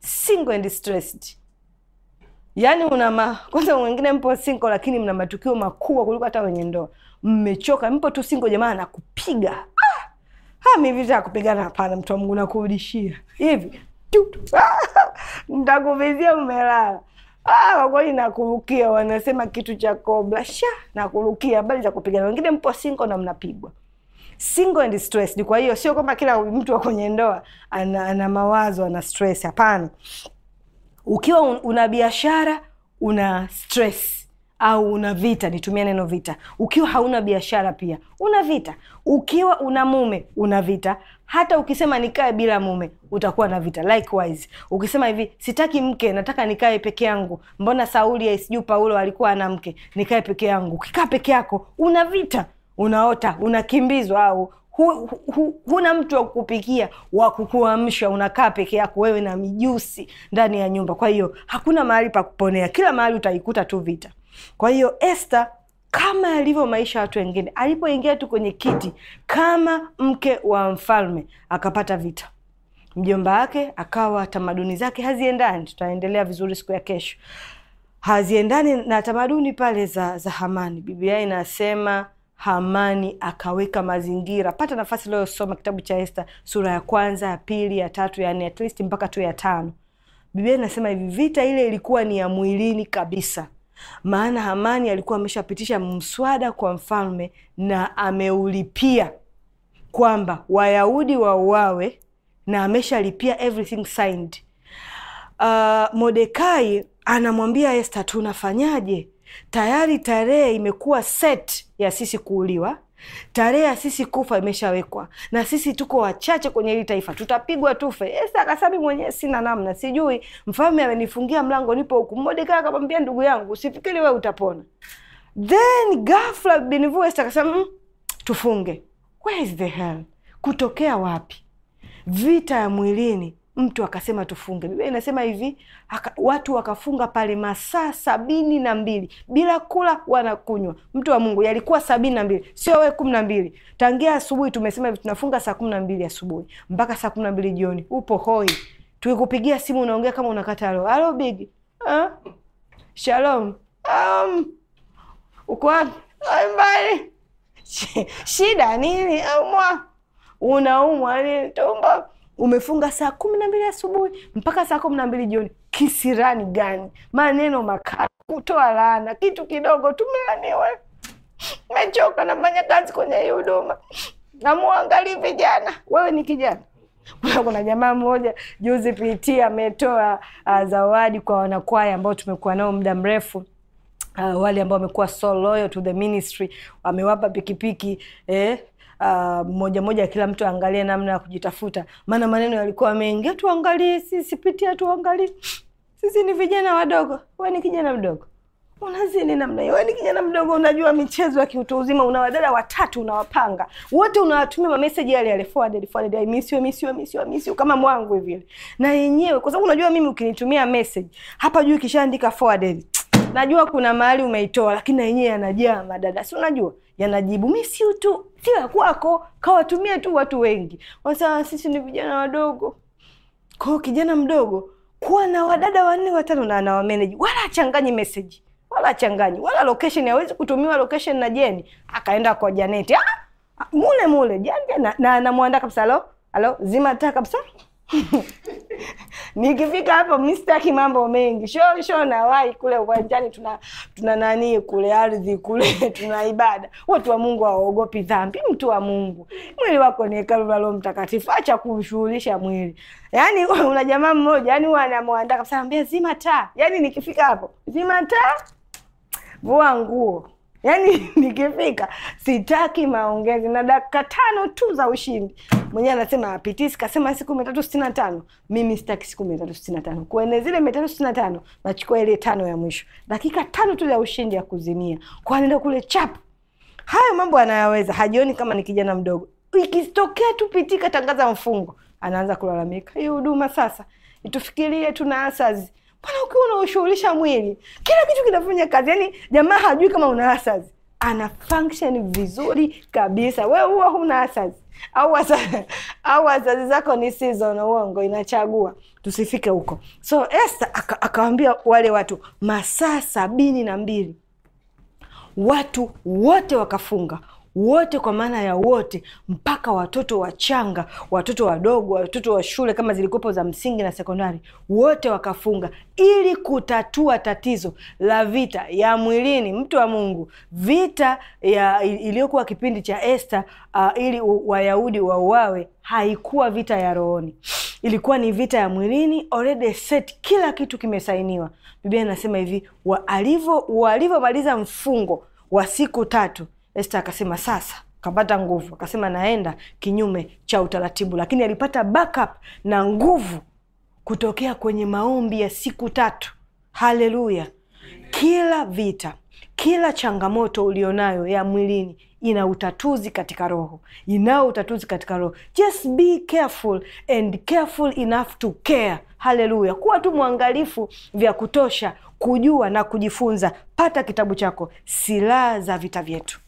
single and stressed yaani una ma... kwanza mwingine mpo single lakini mna matukio makubwa kuliko hata wenye ndoa mmechoka mpo tu single jamaa anakupiga ah! ha ah, mivita kupigana hapana mtu wa mungu nakurudishia hivi ah! ntakuvizia umelala Ah, nakurukia, wanasema kitu cha kobla sha nakurukia, habari za kupigana. Wengine mpo single na mnapigwa single and stressed. Kwa hiyo sio kwamba kila mtu wa kwenye ndoa ana, ana mawazo ana stress, hapana. Ukiwa un, una biashara una stress au una vita, nitumie neno vita. Ukiwa hauna biashara pia una vita. Ukiwa una mume una vita. Hata ukisema nikae bila mume utakuwa na vita. Likewise, ukisema hivi sitaki mke, nataka nikae peke yangu, mbona Sauli sijui Paulo alikuwa ana mke, nikae peke yangu, ukikaa peke yako una vita unaota, unakimbizwa au hu, hu, hu, huna mtu wa kukupikia wa kukuamsha, unakaa peke yako wewe na mijusi ndani ya nyumba. Kwa hiyo hakuna mahali pa kuponea, kila mahali utaikuta tu vita. Kwa hiyo este kama yalivyo maisha watu wengine, alipoingia tu kwenye kiti kama mke wa mfalme akapata vita mjomba wake akawa tamaduni zake haziendani. Tutaendelea vizuri siku ya kesho, haziendani na tamaduni pale za, za Hamani. Biblia inasema Hamani akaweka mazingira. Pata nafasi leo, soma kitabu cha Esta sura ya kwanza, ya pili, ya tatu, ya nne, at least mpaka tu ya tano. Biblia inasema hivi, vita ile ilikuwa ni ya mwilini kabisa, maana Hamani alikuwa ameshapitisha mswada kwa mfalme na ameulipia kwamba Wayahudi wauawe na ameshalipia everything signed. Uh, Modekai anamwambia Esta, tunafanyaje? tayari tarehe imekuwa set ya sisi kuuliwa, tarehe ya sisi kufa imeshawekwa, na sisi tuko wachache kwenye hili taifa, tutapigwa tufe. yes, akasami mwenyewe, sina namna, sijui, mfalme amenifungia mlango, nipo huku. mmodekaa akamwambia, ndugu yangu, usifikiri wewe utapona. Then gafla Bienvenue akasema, mm, tufunge. Where is the hell? Kutokea wapi? Vita ya mwilini mtu akasema tufunge. Biblia inasema hivi haka, watu wakafunga pale masaa sabini na mbili bila kula wala kunywa. Mtu wa Mungu, yalikuwa sabini na mbili sio we kumi na mbili Tangia asubuhi tumesema hivi, tunafunga saa kumi na mbili asubuhi mpaka saa kumi na mbili jioni. Upo hoi, tukikupigia simu unaongea kama unakata alo alo, bigi ha? Ah? Shalom, um, uko wapi? Mbali shida nini? Umwa, unaumwa nini? tumbo umefunga saa kumi na mbili asubuhi mpaka saa kumi na mbili jioni. Kisirani gani? Maneno makali, kutoa laana, kitu kidogo tumelaniwa. Mechoka, nafanya kazi kwenye hii huduma, namuangalii vijana. Wewe ni kijana kuna jamaa mmoja juzi PT ametoa uh, zawadi kwa wanakwaya ambao tumekuwa nao muda mrefu. Uh, wale ambao wamekuwa so loyal to the ministry amewapa pikipiki eh, uh, moja moja, kila mtu aangalie namna ya kujitafuta, maana maneno yalikuwa mengi. Tuangalie sisi, piti, tuangalie sisi, ni vijana wadogo. We ni kijana mdogo unazini namna hiyo. Ni kijana mdogo, unajua michezo ya kiutu uzima, una wadada watatu unawapanga wote, unawatumia mameseji yale yale, forward forward, I miss you, miss you, miss you, miss you, kama mwangu hivi na yenyewe, kwa sababu unajua mimi ukinitumia message hapa juu kishaandika forward, najua kuna mahali umeitoa, lakini na yenyewe anajaa madada, si unajua yanajibu mi sio tu sio ya kwako, kawatumia tu watu wengi. Wanasema sisi ni vijana wadogo. Kwa hiyo kijana mdogo kuwa na wadada wanne watano na anawameneji, wala achanganyi meseji wala achanganyi wala location, hawezi kutumiwa location na Jeni akaenda kwa Janeti ah, ah, mule mule jan na anamwanda kabisa, alo alo zima taa kabisa nikifika hapo mistaki mambo mengi sho sho nawai kule uwanjani tuna tuna nani kule ardhi kule tuna ibada watu wa mungu waogopi dhambi mtu wa mungu mwili wako ni hekalu la roho mtakatifu acha kushughulisha mwili yaani una jamaa mmoja yaani huwa anamwandaa kabisa ambia zima taa yaani nikifika hapo zima taa vua nguo yaani nikifika sitaki maongezi na dakika tano tu za ushindi mwenyewe anasema apitisi kasema siku mia tatu sitini na tano mimi sitaki siku mia tatu sitini na tano kwenye zile mia tatu sitini na tano nachukua ile tano ya mwisho dakika tano tu za ushindi ya kuzimia kwa anaenda kule chap hayo mambo anayaweza hajioni kama ni kijana mdogo ikitokea tu pitika tangaza mfungo anaanza kulalamika hii huduma sasa itufikirie tuna asazi Bwana, ukiwa unaoshughulisha mwili, kila kitu kinafanya kazi. Yani jamaa hajui kama una asas, ana function vizuri kabisa. Wewe huwa huna asas au au wazazi zako ni season. Uongo inachagua, tusifike huko. So Esther akawambia wale watu masaa sabini na mbili watu wote wakafunga, wote kwa maana ya wote, mpaka watoto wachanga, watoto wadogo, watoto wa shule kama zilikuwepo za msingi na sekondari, wote wakafunga ili kutatua tatizo la vita ya mwilini, mtu wa Mungu, vita ya iliyokuwa kipindi cha Esta, uh, ili Wayahudi wauawe, haikuwa vita ya rohoni ilikuwa ni vita ya mwilini already set, kila kitu kimesainiwa. Biblia inasema hivi, walivyomaliza mfungo wa siku tatu Esther akasema sasa kapata nguvu, akasema naenda kinyume cha utaratibu, lakini alipata backup na nguvu kutokea kwenye maombi ya siku tatu. Haleluya! Kila vita, kila changamoto ulionayo ya mwilini ina utatuzi katika roho, inao utatuzi katika roho. Just be careful and careful enough to care. Haleluya! Kuwa tu mwangalifu vya kutosha kujua na kujifunza. Pata kitabu chako, silaha za vita vyetu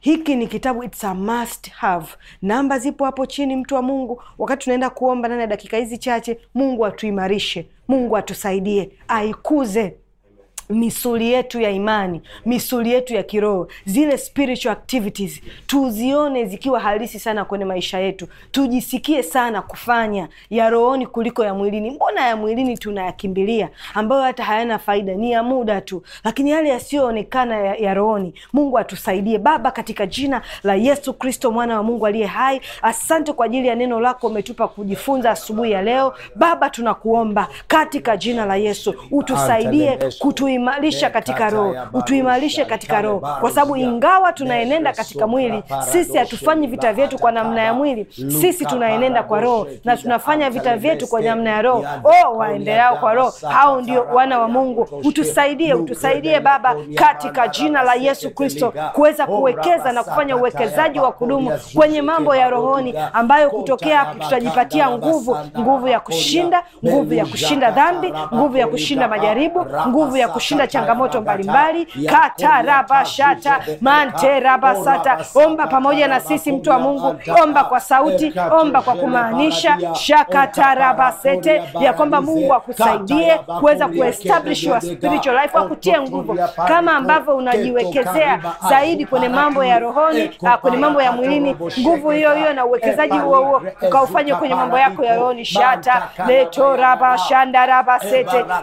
hiki ni kitabu, it's a must have. Namba zipo hapo chini, mtu wa Mungu. Wakati tunaenda kuomba ndani ya dakika hizi chache, Mungu atuimarishe, Mungu atusaidie, aikuze misuli yetu ya imani, misuli yetu ya kiroho, zile spiritual activities tuzione zikiwa halisi sana kwenye maisha yetu, tujisikie sana kufanya ya rohoni kuliko ya mwilini. Mbona ya mwilini tunayakimbilia, ambayo hata hayana faida, ni ya muda tu, lakini yale yasiyoonekana ya, ya rohoni, Mungu atusaidie Baba, katika jina la Yesu Kristo, mwana wa Mungu aliye hai. Asante kwa ajili ya neno lako umetupa kujifunza asubuhi ya leo. Baba, tunakuomba katika jina la Yesu utusaidie kutu utuimarishe katika roho, utuimarishe katika roho, kwa sababu ingawa tunaenenda katika mwili, sisi hatufanyi vita vyetu kwa namna ya mwili, sisi tunaenenda kwa roho na tunafanya vita vyetu kwa namna ya roho. Oh, waendelao kwa roho hao ndio wana wa Mungu. Utusaidie, utusaidie Baba, katika jina la Yesu Kristo, kuweza kuwekeza na kufanya uwekezaji wa kudumu kwenye mambo ya rohoni, ambayo kutokea hapo tutajipatia nguvu, nguvu ya kushinda, nguvu ya kushinda dhambi, nguvu ya kushinda majaribu, nguvu ya kushinda kushinda changamoto mbalimbali. raba sata. Omba pamoja na sisi, mtu wa Mungu, omba kwa sauti, omba kwa kumaanisha sete, ya kwamba Mungu akusaidie kuweza kuestablish your spiritual life, akutie nguvu kama ambavyo unajiwekezea zaidi kwenye mambo ya rohoni, kwenye mambo ya mwilini, nguvu hiyo hiyo na uwekezaji huo huo ukaufanye kwenye mambo yako ya rohoni. shata sata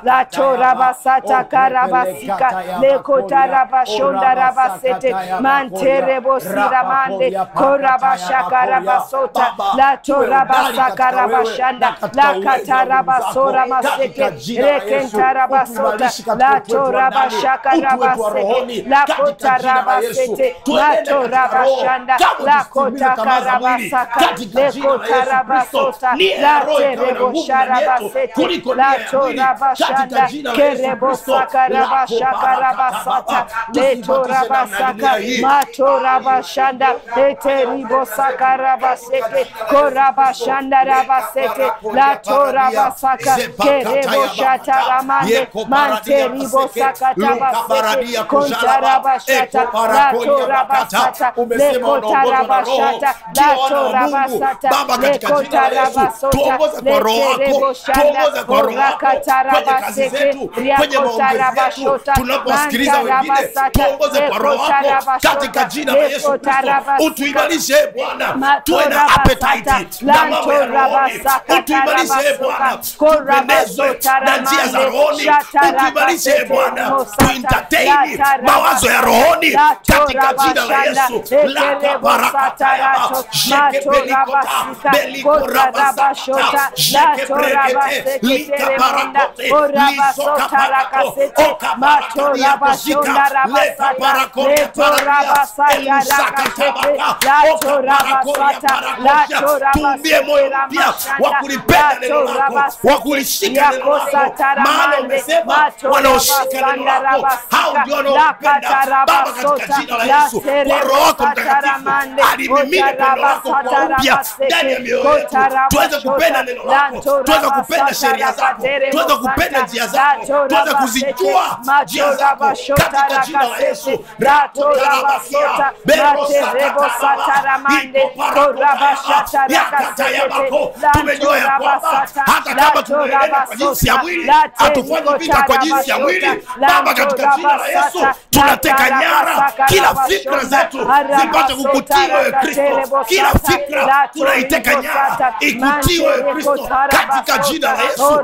latorabasataka rabasika lekota rabashonda rabasete manterebo siramande korabashaka rabasota latorabasaka rabashanda lakatarabasora maseke rekentarabasota latorabashaka rabaseke lakota rabasete latorabashanda lakotaka rabasaka lekota rabasota laterebo sharabasete latorabashanda kerebosaka karabasha karabasata leto rabasaka mato rabashanda ete ribosa karabaseke korabashanda rabasete lato rabasaka kerebo shata ramande shanda yetu, tunaposikiliza wengine, tuongoze kwa Roho wako katika jina la Yesu Kristo, utuimarishe Bwana, tuwe na appetite na mambo ya rohoni, utuimarishe Bwana, tupendezwe na njia za rohoni, utuimarishe Bwana, tuentertain mawazo ya rohoni katika jina la Yesu laka barakatayaba jekebelikota belikorabasaata jekebrevete likabarakot Ora baso karakase tuumbie moyo mpya wa neno lako wa neno lako maana umesema wanaoshika neno lako hao ndio wanaopenda Baba katika jina la Yesu kwa Roho wako Mtakatifu alimimine pendo lako kwa upya ndani ya mioyo yetu tuweze kupenda neno lako tuweze kupenda sheria zako tuweze kupenda njia zako tuweze kuzijua zinakuwa njia tunateka nyara kila fikra zetu zipate kukutii Kristo, kila fikra tunaiteka nyara ikutii Kristo, katika jina la Yesu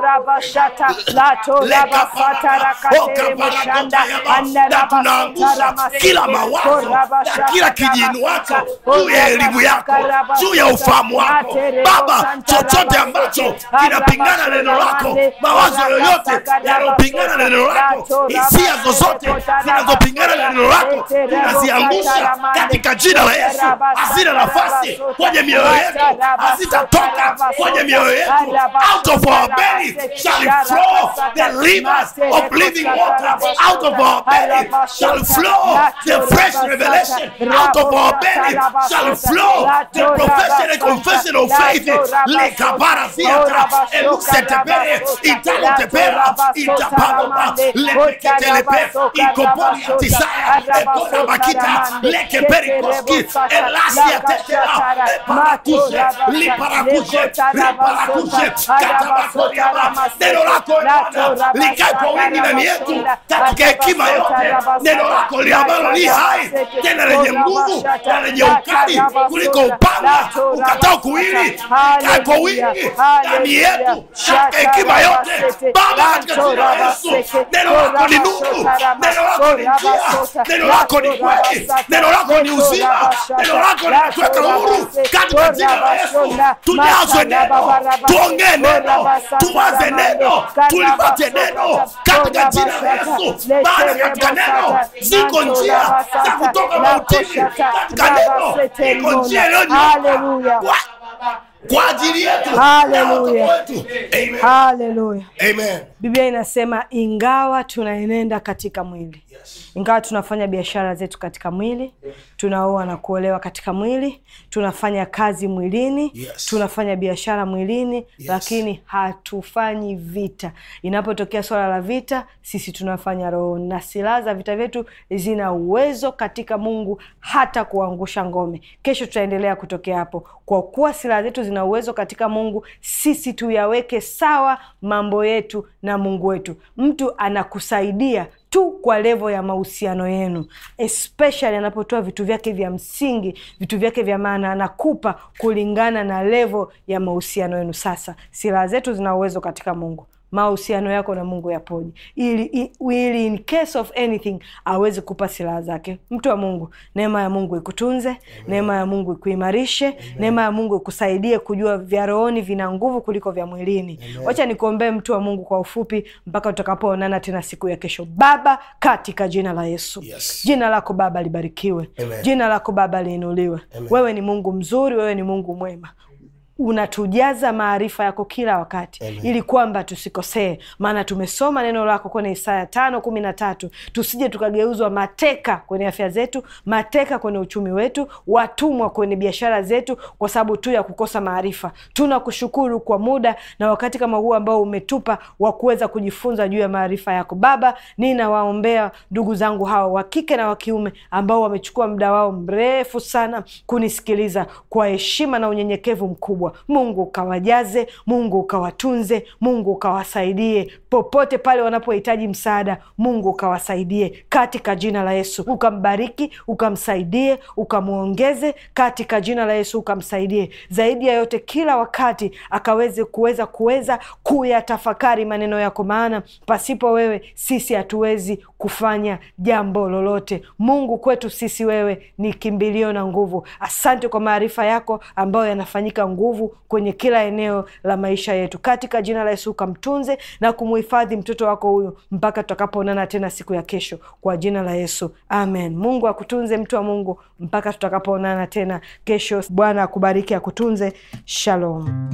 na tunaangusha kila mawazo na kila kijinuacho juu ya elimu yako, juu ya ufahamu wako Baba, chochote ambacho kinapingana neno lako, mawazo yoyote yanayopingana neno lako, hisia zozote zinazopingana na neno lako, tunaziangusha katika jina la Yesu. Hazina nafasi kwenye mioyo yetu, hazitatoka kwenye mioyo yetu. Out of our belly shall flow the rivers of living living water out of our belly shall flow the fresh revelation out of our belly shall flow the profession and confession of faith lekabara fiatra eluxetepere italotepera itapaboba lepeketelepe ikopolia tisaya ekora makita lekeperikoski elasia tetera eparakushe liparakushe riparakushe katabakoriaba nerorako likaipo wingi na miezi yetu katika hekima yote, neno lako li ambalo li hai tena lenye nguvu na lenye ukali kuliko upanga ukatao kuwili kwa wingi ndani yetu katika hekima yote. Baba, katika jina la Yesu, neno lako ni nuru, neno lako ni njia, neno lako ni kweli, neno lako ni uzima, neno lako linatuweka huru katika jina la Yesu. Tujazwe neno, tuongee neno, tuwaze neno, tulipate neno katika jina kila Yesu. katika neno ziko njia za kutoka mautini, katika neno iko njia iliyonyooka kwa ajili yetu na watoto wetu. Amen. Haleluya. Amen. Biblia inasema ingawa tunaenenda katika mwili yes. Ingawa tunafanya biashara zetu katika mwili yes. Tunaoa na kuolewa katika mwili, tunafanya kazi mwilini yes. Tunafanya biashara mwilini yes. Lakini hatufanyi vita. Inapotokea swala la vita, sisi tunafanya roho, na silaha za vita vyetu zina uwezo katika Mungu hata kuangusha ngome. Kesho tutaendelea kutokea hapo. Kwa kuwa silaha zetu zina uwezo katika Mungu, sisi tuyaweke sawa mambo yetu na na Mungu wetu. Mtu anakusaidia tu kwa levo ya mahusiano yenu, especially anapotoa vitu vyake vya msingi, vitu vyake vya maana, anakupa kulingana na levo ya mahusiano yenu. Sasa silaha zetu zina uwezo katika Mungu mahusiano yako na Mungu yapoje, ili, ili in case of anything aweze kupa silaha zake. Mtu wa Mungu, neema ya Mungu ikutunze, neema ya Mungu ikuimarishe, neema ya Mungu ikusaidie kujua vya rohoni vina nguvu kuliko vya mwilini. Wacha nikuombee mtu wa Mungu kwa ufupi, mpaka tutakapoonana tena siku ya kesho. Baba, katika jina la Yesu, yes. Jina lako Baba libarikiwe, Amen. Jina lako Baba liinuliwe. Wewe ni Mungu mzuri, wewe ni Mungu mwema unatujaza maarifa yako kila wakati Amen. ili kwamba tusikosee, maana tumesoma neno lako kwenye Isaya tano kumi na tatu tusije tukageuzwa mateka kwenye afya zetu, mateka kwenye uchumi wetu, watumwa kwenye biashara zetu, kwa sababu tu ya kukosa maarifa. Tunakushukuru kwa muda na wakati kama huu ambao umetupa wa kuweza kujifunza juu ya maarifa yako Baba. Ninawaombea ndugu zangu hawa wa kike na wa kiume ambao wamechukua muda wao mrefu sana kunisikiliza kwa heshima na unyenyekevu mkubwa kubwa. Mungu ukawajaze, Mungu ukawatunze, Mungu ukawasaidie popote pale wanapohitaji msaada. Mungu ukawasaidie katika jina la Yesu, ukambariki, ukamsaidie, ukamwongeze katika jina la Yesu, ukamsaidie zaidi ya yote, kila wakati akaweze kuweza kuweza kuyatafakari maneno yako, maana pasipo wewe sisi hatuwezi kufanya jambo lolote. Mungu kwetu sisi wewe ni kimbilio na nguvu. Asante kwa maarifa yako ambayo yanafanyika nguvu kwenye kila eneo la maisha yetu, katika jina la Yesu ukamtunze na kumuhifadhi mtoto wako huyu mpaka tutakapoonana tena siku ya kesho, kwa jina la Yesu amen. Mungu akutunze mtu wa Mungu mpaka tutakapoonana tena kesho. Bwana akubariki, akutunze. Shalom.